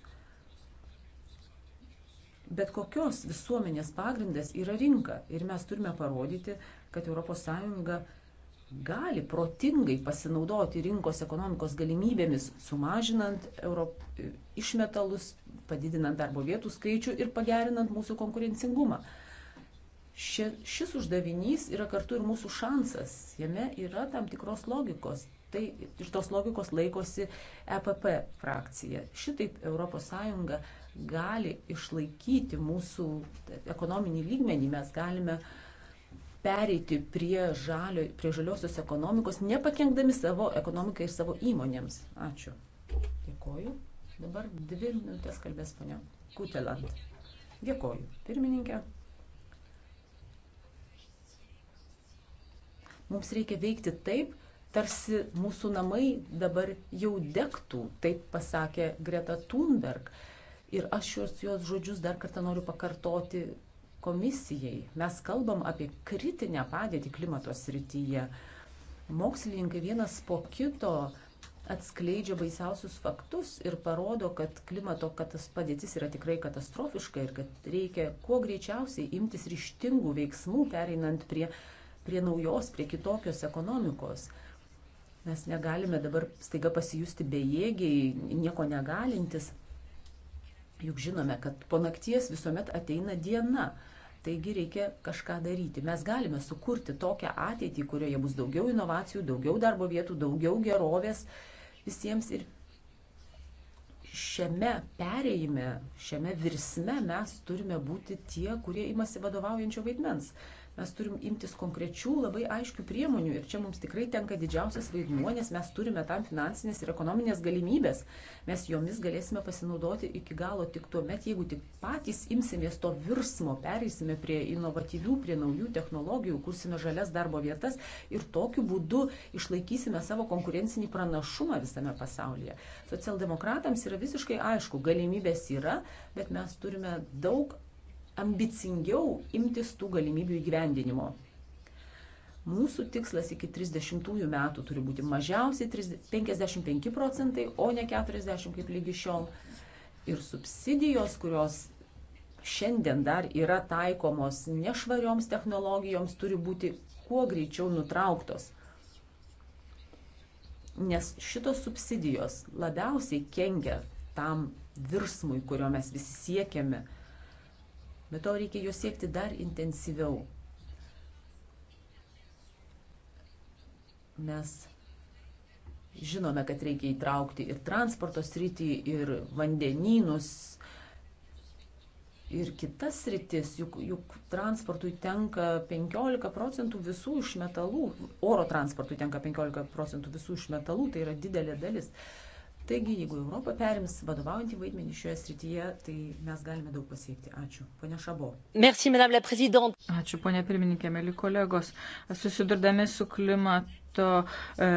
bet kokios visuomenės pagrindas yra rinka. Ir mes turime parodyti, kad ES gali protingai pasinaudoti rinkos ekonomikos galimybėmis, sumažinant Europ... išmetalus, padidinant darbo vietų skaičių ir pagerinant mūsų konkurencingumą. Ši, šis uždavinys yra kartu ir mūsų šansas. Jame yra tam tikros logikos. Tai iš tos logikos laikosi EPP frakcija. Šitaip ES gali išlaikyti mūsų ekonominį lygmenį, mes galime pereiti prie, žalio, prie žaliosios ekonomikos, nepakengdami savo ekonomikai ir savo įmonėms. Ačiū. Dėkoju. Dabar dvi minutės kalbės ponia Kutelant. Dėkoju. Pirmininkė. Mums reikia veikti taip, tarsi mūsų namai dabar jau degtų, taip pasakė Greta Thunberg. Ir aš šios jos žodžius dar kartą noriu pakartoti komisijai. Mes kalbam apie kritinę padėtį klimato srityje. Mokslininkai vienas po kito atskleidžia baisiausius faktus ir parodo, kad klimato katas padėtis yra tikrai katastrofiška ir kad reikia kuo greičiausiai imtis ryštingų veiksmų, pereinant prie, prie naujos, prie kitokios ekonomikos. Mes negalime dabar staiga pasijusti bejėgiai, nieko negalintis. Juk žinome, kad po nakties visuomet ateina diena. Taigi reikia kažką daryti. Mes galime sukurti tokią ateitį, kurioje bus daugiau inovacijų, daugiau darbo vietų, daugiau gerovės visiems. Ir šiame pereime, šiame virsme mes turime būti tie, kurie imasi vadovaujančio vaidmens mes turim imtis konkrečių, labai aiškių priemonių ir čia mums tikrai tenka didžiausias vaidmuo, nes mes turime tam finansinės ir ekonominės galimybės. Mes jomis galėsime pasinaudoti iki galo tik tuo met, jeigu tik patys imsimės to virsmo, pereisime prie inovatyvių, prie naujų technologijų, kursime žalias darbo vietas ir tokiu būdu išlaikysime savo konkurencinį pranašumą visame pasaulyje. Socialdemokratams yra visiškai aišku, galimybės yra, bet mes turime daug ambicingiau imtis tų galimybių įgyvendinimo. Mūsų tikslas iki 30 metų turi būti mažiausiai 55 procentai, o ne 40 kaip lygi šiol. Ir subsidijos, kurios šiandien dar yra taikomos nešvarioms technologijoms, turi būti kuo greičiau nutrauktos. Nes šitos subsidijos labiausiai kenkia tam virsmui, kurio mes visi siekiame bet to reikia jo siekti dar intensyviau. Mes žinome, kad reikia įtraukti ir transporto sritį, ir vandenynus, ir kitas sritis, juk, juk transportui tenka 15 procentų visų išmetalų, oro transportui tenka 15 procentų visų išmetalų, tai yra didelė dalis. Uh, Taigi, jeigu Europa perims vadovaujantį vaidmenį šioje srityje, tai mes galime daug pasiekti. Ačiū. Pone Šabo. Merci, madame la prezidente. Ačiū, ponė pirmininkė, mėly kolegos. Susidurdami su klimatu e,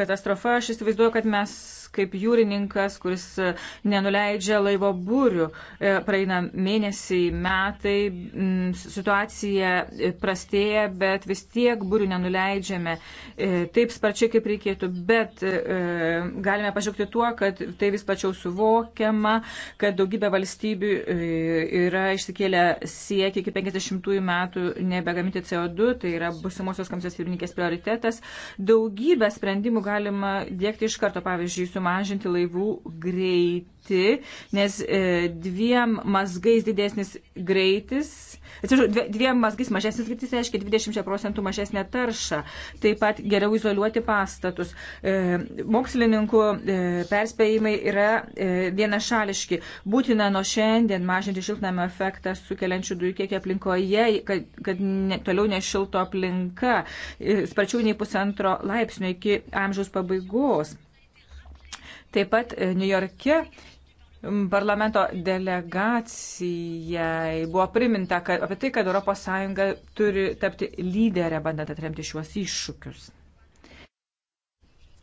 katastrofa, aš įsivaizduoju, kad mes kaip jūrininkas, kuris e, nenuleidžia laivo būrių. E, praeina mėnesiai, metai, situacija e, prastėja, bet vis tiek būrių nenuleidžiame taip sparčiai, kaip reikėtų. Bet galime pažiūrėti tuo, kad tai vis plačiau suvokiama, kad daugybė valstybių yra išsikėlę siekį iki 50 metų nebegaminti CO2, tai yra busimosios komisijos pirmininkės prioritetas. Daugybę sprendimų galima dėkti iš karto, pavyzdžiui, sumažinti laivų greitį, nes e, dviem mazgais didesnis greitis, atsiprašau, dviem mazgais mažesnis greitis reiškia 20 procentų mažesnę taršą, taip pat geriau izoliuoti pastatus. E, mokslininkų e, perspėjimai yra e, vienašališki. Būtina nuo šiandien mažinti šiltnamio efektą sukeliančių dujų kiekį aplinkoje, kad, kad ne, toliau nešilto aplinka, e, sparčiau nei pusantro laipsnio iki amžiaus pabaigos. Taip pat e, New York'e parlamento delegacijai buvo priminta kad, apie tai, kad ES turi tapti lyderę, bandant atremti šiuos iššūkius.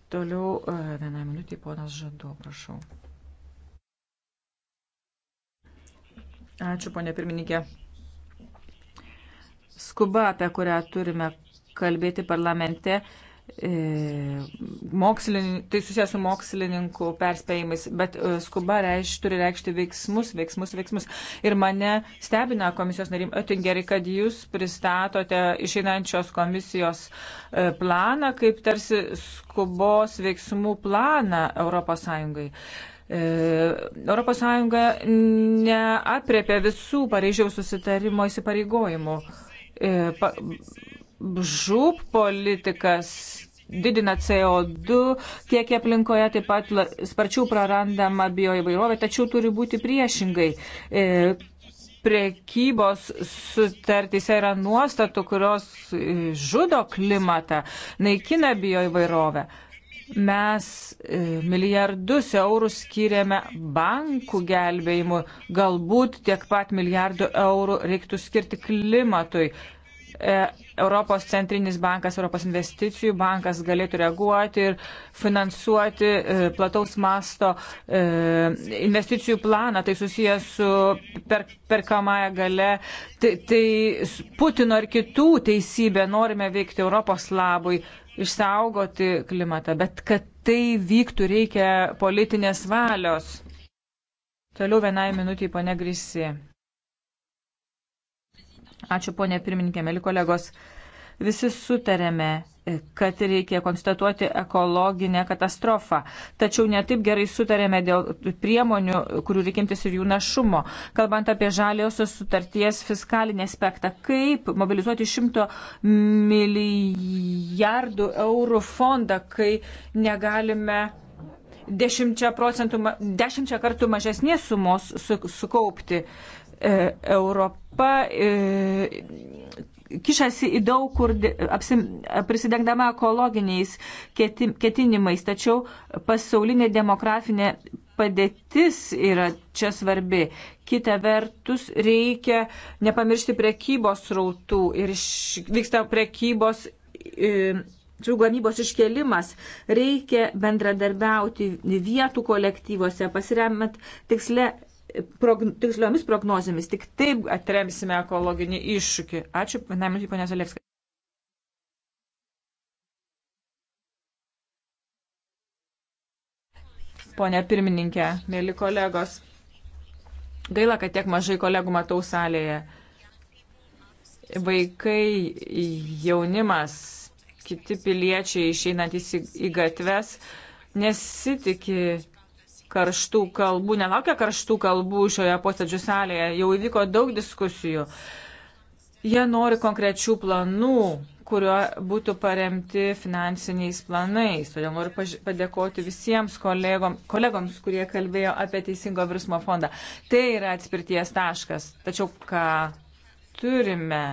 Toliau e, vieną minutį, ponas Žadu, prašau. Ačiū, ponė pirmininkė. Skuba, apie kurią turime kalbėti parlamente, E, mokslin, tai susijęs su mokslininkų perspėjimais, bet e, skuba reiš, turi reikšti veiksmus, veiksmus, veiksmus. Ir mane stebina komisijos narim Oettingeri, kad jūs pristatote išeinančios komisijos e, planą kaip tarsi skubos veiksmų planą ES. ES neapriepia visų Paryžiaus susitarimo įsipareigojimų žūp politikas didina CO2, tiek aplinkoje taip pat sparčiau prarandama bioįvairovė, tačiau turi būti priešingai. E, Prekybos sutartyse yra nuostatų, kurios e, žudo klimatą, naikina bioįvairovę. Mes e, milijardus eurų skiriame bankų gelbėjimui, galbūt tiek pat milijardų eurų reiktų skirti klimatui. E, Europos centrinis bankas, Europos investicijų bankas galėtų reaguoti ir finansuoti e, plataus masto e, investicijų planą. Tai susijęs su per, perkamąją gale. Tai, tai Putino ir kitų teisybė norime veikti Europos labui, išsaugoti klimatą, bet kad tai vyktų reikia politinės valios. Toliau vienai minutiai ponegrisi. Ačiū, ponė pirmininkė, mėly kolegos. Visi sutarėme, kad reikia konstatuoti ekologinę katastrofą. Tačiau netaip gerai sutarėme dėl priemonių, kurių reikimtis ir jų našumo. Kalbant apie žaliosios sutarties fiskalinį aspektą, kaip mobilizuoti 100 milijardų eurų fondą, kai negalime 10, procentų, 10 kartų mažesnės sumos sukaupti. Su E, Europa e, kišasi į daug kur apsim, prisidengdama ekologiniais ketinimais, tačiau pasaulinė demografinė padėtis yra čia svarbi. Kita vertus, reikia nepamiršti prekybos rautų ir vyksta prekybos. Šių e, gamybos iškelimas reikia bendradarbiauti vietų kolektyvose, pasiremant tikslę progn tiksliomis prognozėmis. Tik taip atremsime ekologinį iššūkį. Ačiū, vienamis, ponė Zalevska. Pone pirmininkė, mėly kolegos, gaila, kad tiek mažai kolegų matau salėje. Vaikai, jaunimas, kiti piliečiai išeinantys į gatves nesitikė karštų kalbų, nelaukia karštų kalbų šioje posėdžių salėje, jau įvyko daug diskusijų. Jie nori konkrečių planų, kurio būtų paremti finansiniais planais. Todėl noriu padėkoti visiems kolegom, kolegoms, kurie kalbėjo apie Teisingo virsmo fondą. Tai yra atspirties taškas. Tačiau ką turime?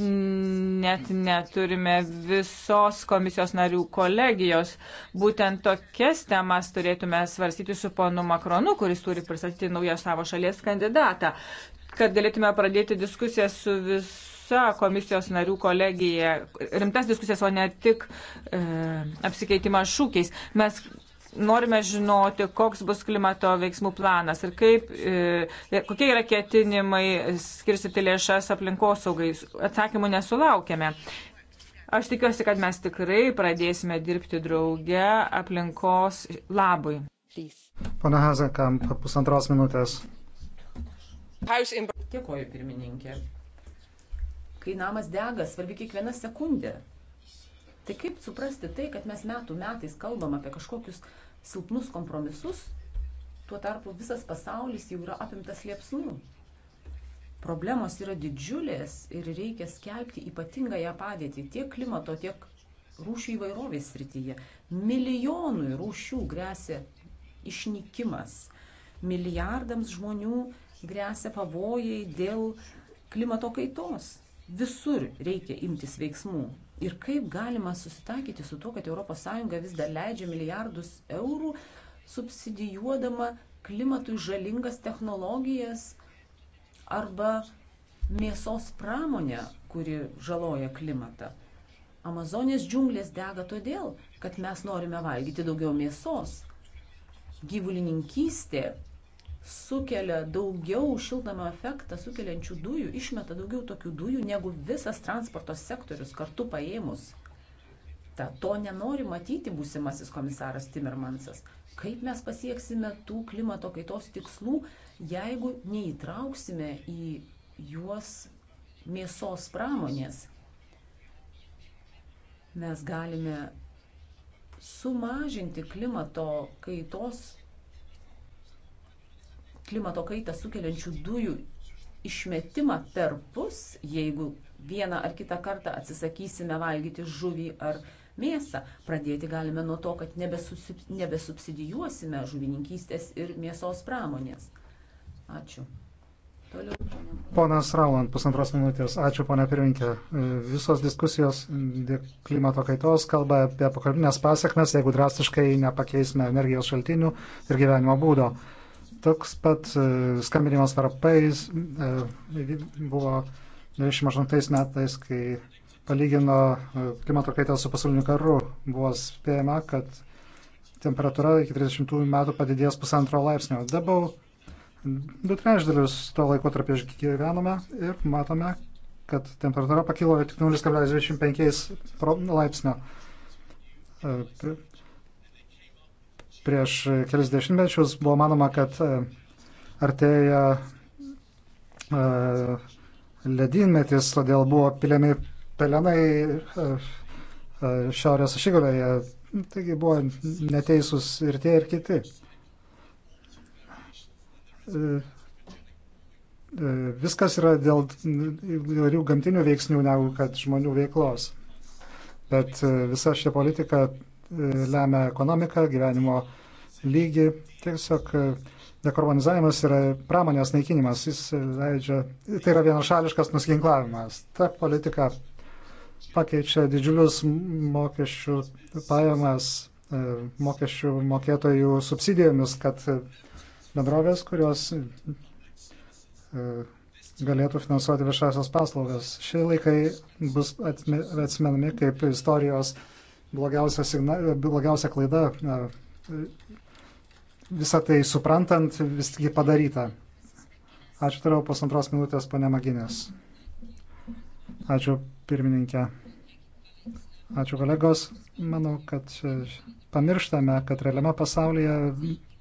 net neturime visos komisijos narių kolegijos. Būtent tokias temas turėtume svarstyti su ponu Makronu, kuris turi pristatyti naują savo šalies kandidatą, kad galėtume pradėti diskusiją su visa komisijos narių kolegija, rimtas diskusijas, o ne tik e, apsikeitimas šūkiais. Mes norime žinoti, koks bus klimato veiksmų planas ir kaip, e, kokie yra ketinimai skirsyti lėšas aplinkosaugai. Atsakymų nesulaukėme. Aš tikiuosi, kad mes tikrai pradėsime dirbti drauge aplinkos labui. Pana Hazekamp, pusantros minutės. Dėkoju, pirmininkė. Kai namas dega, svarbi kiekviena sekundė. Tai kaip suprasti tai, kad mes metų metais kalbam apie kažkokius silpnus kompromisus, tuo tarpu visas pasaulis jau yra apimtas liepsnų. Problemos yra didžiulės ir reikia skelbti ypatingąją padėtį tiek klimato, tiek rūšių įvairovės srityje. Milijonui rūšių grėsia išnykimas, milijardams žmonių grėsia pavojai dėl klimato kaitos. Visur reikia imtis veiksmų ir kaip galima susitaikyti su tuo, kad ES vis dar leidžia milijardus eurų subsidijuodama klimatui žalingas technologijas arba mėsos pramonę, kuri žaloja klimatą. Amazonės džiunglės dega todėl, kad mes norime valgyti daugiau mėsos. Gyvulininkystė sukelia daugiau šiltnamio efektą sukeliančių dujų, išmeta daugiau tokių dujų negu visas transporto sektorius kartu paėmus. Ta, to nenori matyti būsimasis komisaras Timmermansas. Kaip mes pasieksime tų klimato kaitos tikslų, jeigu neįtrauksime į juos mėsos pramonės? Mes galime sumažinti klimato kaitos klimato kaitą sukeliančių dujų išmetimą per pus, jeigu vieną ar kitą kartą atsisakysime valgyti žuvį ar mėsą. Pradėti galime nuo to, kad nebesubsidijuosime žuvininkystės ir mėsos pramonės. Ačiū. Toliau. Ponas Rauland, pusantros minutės. Ačiū, ponia pirminkė. Visos diskusijos dėl klimato kaitos kalba apie pakalbinės pasiekmes, jeigu drastiškai nepakeisime energijos šaltinių ir gyvenimo būdo. Toks pat e, skambinimas varpais e, buvo 28 metais, kai palygino e, klimato kaitą su pasauliniu karu. Buvo spėjama, kad temperatūra iki 30 metų padidės pusantro laipsnio. Dabar du trečdalius to laiko tarp išgyvenome ir matome, kad temperatūra pakilo tik 0,25 laipsnio. Prieš kelis dešimtmečius buvo manoma, kad e, artėja e, ledynmetis, todėl buvo piliami pelenai e, šiaurės ašigalėje. Taigi buvo neteisūs ir tie, ir kiti. Viskas yra dėl įvairių gamtinių veiksnių negu kad žmonių veiklos. Bet visa ši politika lemia ekonomiką, gyvenimo lygį. Tiesiog e, dekarbonizavimas yra pramonės naikinimas, jis leidžia, tai yra vienašališkas nusiginklavimas. Ta politika pakeičia didžiulius mokesčių pajamas, e, mokesčių mokėtojų subsidijomis, kad bendrovės, kurios e, galėtų finansuoti viešasios paslaugas. Šie laikai bus atsimenami kaip istorijos blogiausia, signa, blogiausia klaida, visą tai suprantant, visgi padaryta. Ačiū toliau pusantros minutės, pane Maginės. Ačiū pirmininkė. Ačiū kolegos. Manau, kad pamirštame, kad realiame pasaulyje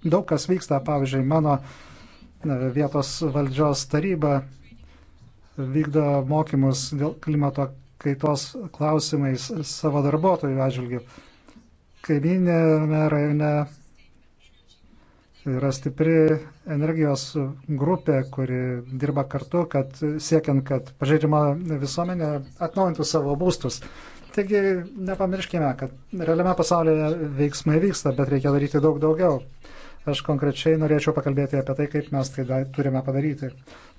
daug kas vyksta. Pavyzdžiui, mano vietos valdžios taryba vykdo mokymus dėl klimato kaitos klausimais savo darbuotojų atžvilgių. Kaiminėme rajone yra stipri energijos grupė, kuri dirba kartu, kad siekiant, kad pažeidžiama visuomenė atnaujintų savo būstus. Taigi nepamirškime, kad realiame pasaulyje veiksmai vyksta, bet reikia daryti daug daugiau. Aš konkrečiai norėčiau pakalbėti apie tai, kaip mes tai da, turime padaryti.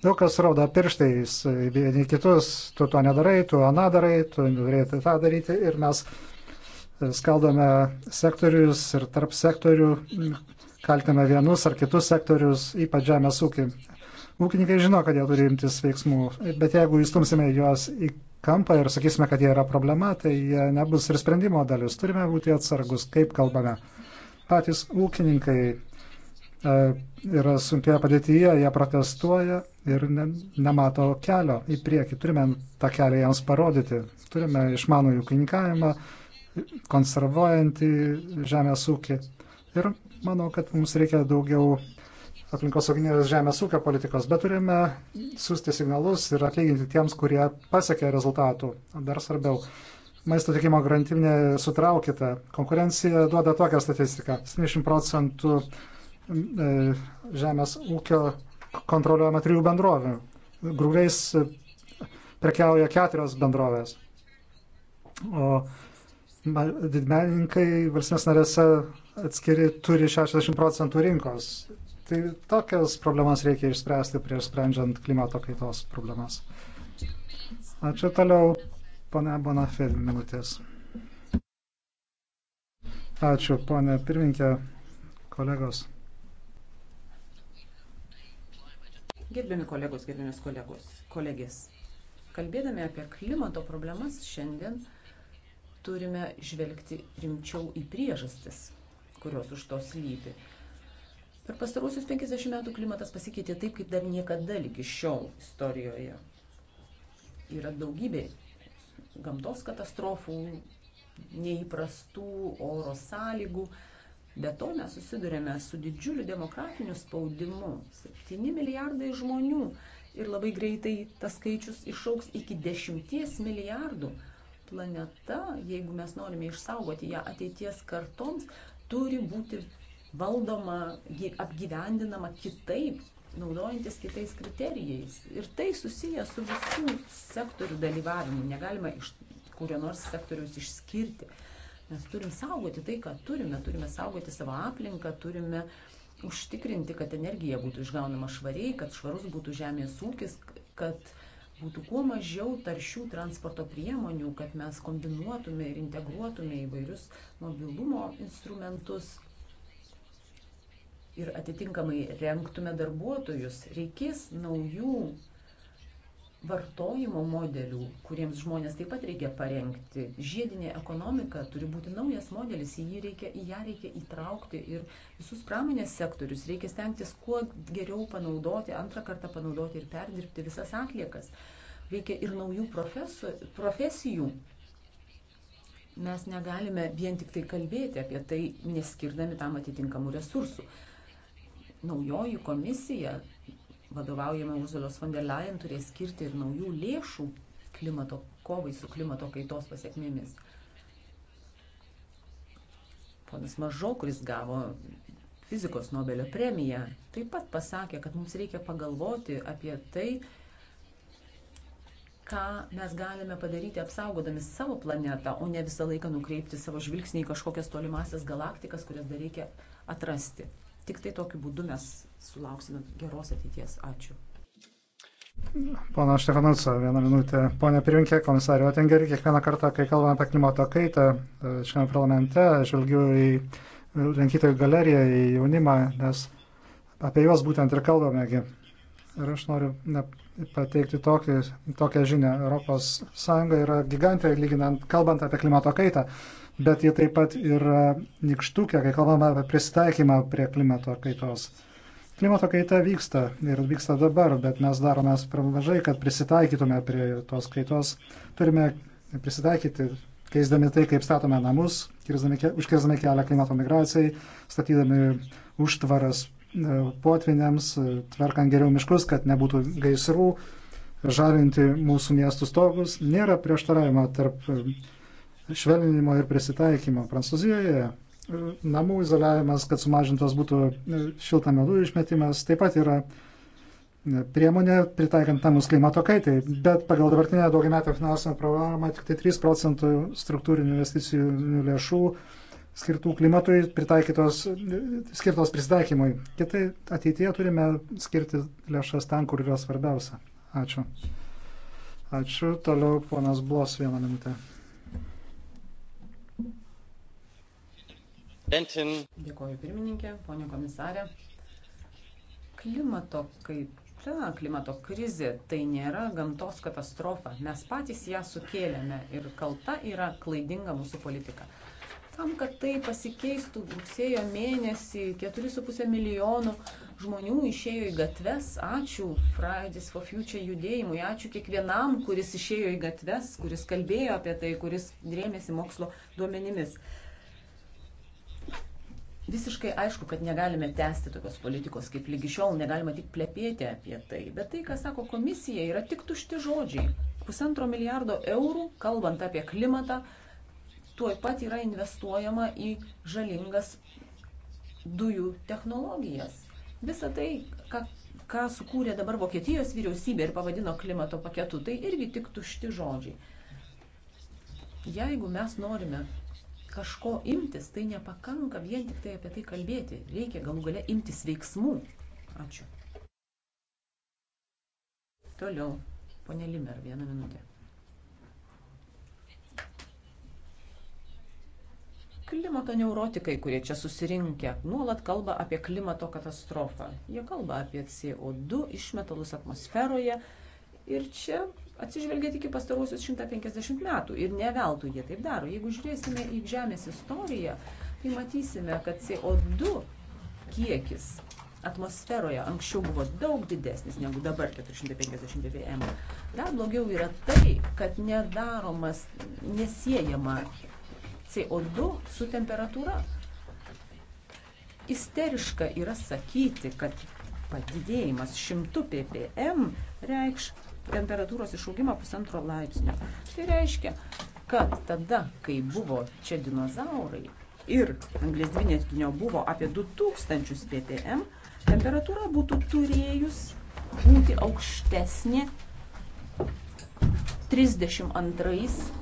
Daug kas rauda pirštais vieni kitus, tu to nedarai, tu aną darai, tu norėtai tą daryti ir mes skaldome sektorius ir tarp sektorių, kaltiname vienus ar kitus sektorius, ypač žemės ūkį. Ūkininkai žino, kad jie turi imtis veiksmų, bet jeigu įstumsime juos į kampą ir sakysime, kad jie yra problema, tai jie nebus ir sprendimo dalis. Turime būti atsargus, kaip kalbame. Patys ūkininkai E, yra sunkioje padėtyje, jie protestuoja ir ne, nemato kelio į priekį. Turime tą kelią jiems parodyti. Turime išmanų ūkininkavimą, konservuojantį žemės ūkį. Ir manau, kad mums reikia daugiau aplinkosauginės žemės ūkio politikos, bet turime siūsti signalus ir atlyginti tiems, kurie pasiekia rezultatų. Dar svarbiau, maisto tikimo grantinė sutraukita. Konkurencija duoda tokią statistiką. 70 procentų E, žemės ūkio kontroliuojama trijų bendrovių. Grūdais e, prekiauja keturios bendrovės. O didmeninkai valstybės narėse atskiri turi 60 procentų rinkos. Tai tokias problemas reikia išspręsti prieš sprendžiant klimato kaitos problemas. Ačiū toliau, pane Bonafė, minutės. Ačiū, pane pirminkė, kolegos. Gerbiami kolegos, gerbiamis kolegos, kolegės, kalbėdami apie klimato problemas šiandien turime žvelgti rimčiau į priežastis, kurios už to slypi. Per pastarosius 50 metų klimatas pasikeitė taip, kaip dar niekada iki šiol istorijoje. Yra daugybė gamtos katastrofų, neįprastų oro sąlygų, Be to mes susidurėme su didžiuliu demokratiniu spaudimu. 7 milijardai žmonių ir labai greitai tas skaičius išauks iki 10 milijardų. Planeta, jeigu mes norime išsaugoti ją ateities kartoms, turi būti valdoma, apgyvendinama kitaip, naudojantis kitais kriterijais. Ir tai susiję su visų sektorių dalyvavimu. Negalima iš kurio nors sektoriaus išskirti. Mes turim saugoti tai, ką turime, turime saugoti savo aplinką, turime užtikrinti, kad energija būtų išgaunama švariai, kad švarus būtų žemės ūkis, kad būtų kuo mažiau taršių transporto priemonių, kad mes kombinuotume ir integruotume įvairius mobilumo instrumentus ir atitinkamai renktume darbuotojus. Reikės naujų vartojimo modelių, kuriems žmonės taip pat reikia parengti. Žiedinė ekonomika turi būti naujas modelis, į, reikia, į ją reikia įtraukti ir visus pramonės sektorius reikia stengtis kuo geriau panaudoti, antrą kartą panaudoti ir perdirbti visas atliekas. Reikia ir naujų profesų, profesijų. Mes negalime vien tik tai kalbėti apie tai, neskirdami tam atitinkamų resursų. Naujoji komisija vadovaujama Ursulos von der Leyen turės skirti ir naujų lėšų klimato, kovai su klimato kaitos pasiekmėmis. Ponas Mažo, kuris gavo fizikos Nobelio premiją, taip pat pasakė, kad mums reikia pagalvoti apie tai, ką mes galime padaryti apsaugodami savo planetą, o ne visą laiką nukreipti savo žvilgsnį į kažkokias tolimasias galaktikas, kurias dar reikia atrasti. Tik tai tokiu būdu mes sulauksime geros ateities. Ačiū. Pana Štefanuca, vieną minutę. Pone Pirinkė, komisario Otingerį, kiekvieną kartą, kai kalbame apie klimato kaitą e, šiame parlamente, žvelgiu į lankytojų galeriją, į jaunimą, nes apie juos būtent ir kalbamegi. Ir aš noriu pateikti tokį, tokią žinią. ES yra gigantė, lyginant, kalbant apie klimato kaitą bet ji taip pat yra nikštukė, kai kalbame apie pristaikymą prie klimato kaitos. Klimato kaita vyksta ir vyksta dabar, bet mes darome per mažai, kad prisitaikytume prie tos kaitos. Turime prisitaikyti, keisdami tai, kaip statome namus, užkirzdami kelią klimato migracijai, statydami užtvaras e, potviniams, e, tvarkant geriau miškus, kad nebūtų gaisrų, žalinti mūsų miestų stogus. Nėra prieštaravimo tarp švelninimo ir prisitaikymo. Prancūzijoje e, namų izoliavimas, kad sumažintas būtų e, šiltame dujų išmetimas, taip pat yra e, priemonė pritaikant namus klimato kaitai, bet pagal dabartinę daugiametę finansinę programą tik tai 3 procentų struktūrinių investicijų lėšų skirtų klimatui pritaikytos, skirtos prisitaikymui. Kitai ateityje turime skirti lėšas ten, kur yra svarbiausia. Ačiū. Ačiū. Toliau ponas Blos vieną minutę. Dėkuoju pirmininkė, ponė komisarė. Klimato kaita, klimato krizė tai nėra gamtos katastrofa. Mes patys ją sukėlėme ir kalta yra klaidinga mūsų politika. Tam, kad tai pasikeistų, rugsėjo mėnesį 4,5 milijonų žmonių išėjo į gatves. Ačiū Fridays for Future judėjimui, ačiū kiekvienam, kuris išėjo į gatves, kuris kalbėjo apie tai, kuris rėmėsi mokslo duomenimis. Visiškai aišku, kad negalime tęsti tokios politikos kaip lygi šiol, negalima tik plepėti apie tai. Bet tai, ką sako komisija, yra tik tušti žodžiai. Pusantro milijardo eurų, kalbant apie klimatą, tuoj pat yra investuojama į žalingas dujų technologijas. Visa tai, ką, ką sukūrė dabar Vokietijos vyriausybė ir pavadino klimato paketu, tai irgi tik tušti žodžiai. Jeigu mes norime kažko imtis, tai nepakanka vien tik tai apie tai kalbėti. Reikia galų gale imtis veiksmų. Ačiū. Toliau, ponė Limer, vieną minutę. Klimato neurotikai, kurie čia susirinkę, nuolat kalba apie klimato katastrofą. Jie kalba apie CO2 išmetalus atmosferoje. Ir čia atsižvelgia tik į pastarosius 150 metų ir ne veltui jie taip daro. Jeigu žiūrėsime į Žemės istoriją, tai matysime, kad CO2 kiekis atmosferoje anksčiau buvo daug didesnis negu dabar 452 m. Dar blogiau yra tai, kad nedaromas, nesiejama CO2 su temperatūra. Isteriška yra sakyti, kad padidėjimas 100 ppm reikš temperatūros išaugimą pusantro laipsnio. Tai reiškia, kad tada, kai buvo čia dinozaurai ir anglės dvinėtinio buvo apie 2000 ppm, temperatūra būtų turėjus būti aukštesnė 32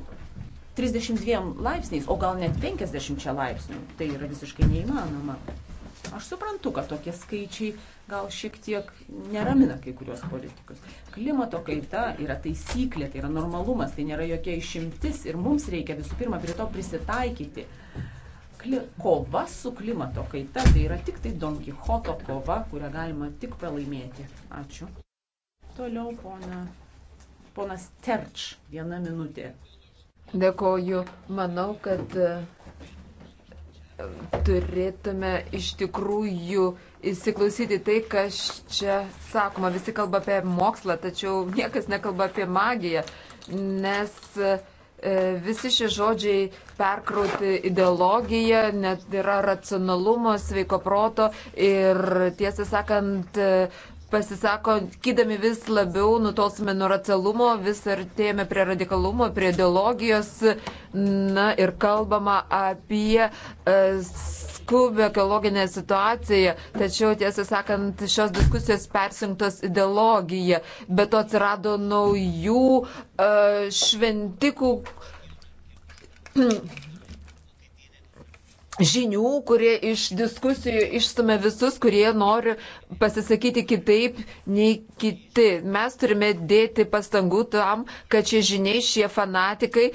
32 laipsniais, o gal net 50 laipsnių. Tai yra visiškai neįmanoma. Aš suprantu, kad tokie skaičiai gal šiek tiek neramina kai kurios politikus. Klimato kaita yra taisyklė, tai yra normalumas, tai nėra jokia išimtis ir mums reikia visų pirma prie to prisitaikyti. Kli kova su klimato kaita tai yra tik tai Don Quixoto kova, kurią galima tik pralaimėti. Ačiū. Toliau pona, ponas Terč, viena minutė. Dėkoju. Manau, kad turėtume iš tikrųjų įsiklausyti tai, kas čia sakoma. Visi kalba apie mokslą, tačiau niekas nekalba apie magiją, nes e, visi šie žodžiai perkrauti ideologiją, net yra racionalumo, sveiko proto ir tiesą sakant, pasisako, kydami vis labiau nutolsime nuo racionalumo, vis artėjame prie radikalumo, prie ideologijos na, ir kalbama apie e, skubę ekologinę situaciją, tačiau tiesą sakant, šios diskusijos persinktos ideologija, bet to atsirado naujų e, šventikų žinių, kurie iš diskusijų išstumia visus, kurie nori pasisakyti kitaip nei kiti. Mes turime dėti pastangų tam, kad šie žiniai, šie fanatikai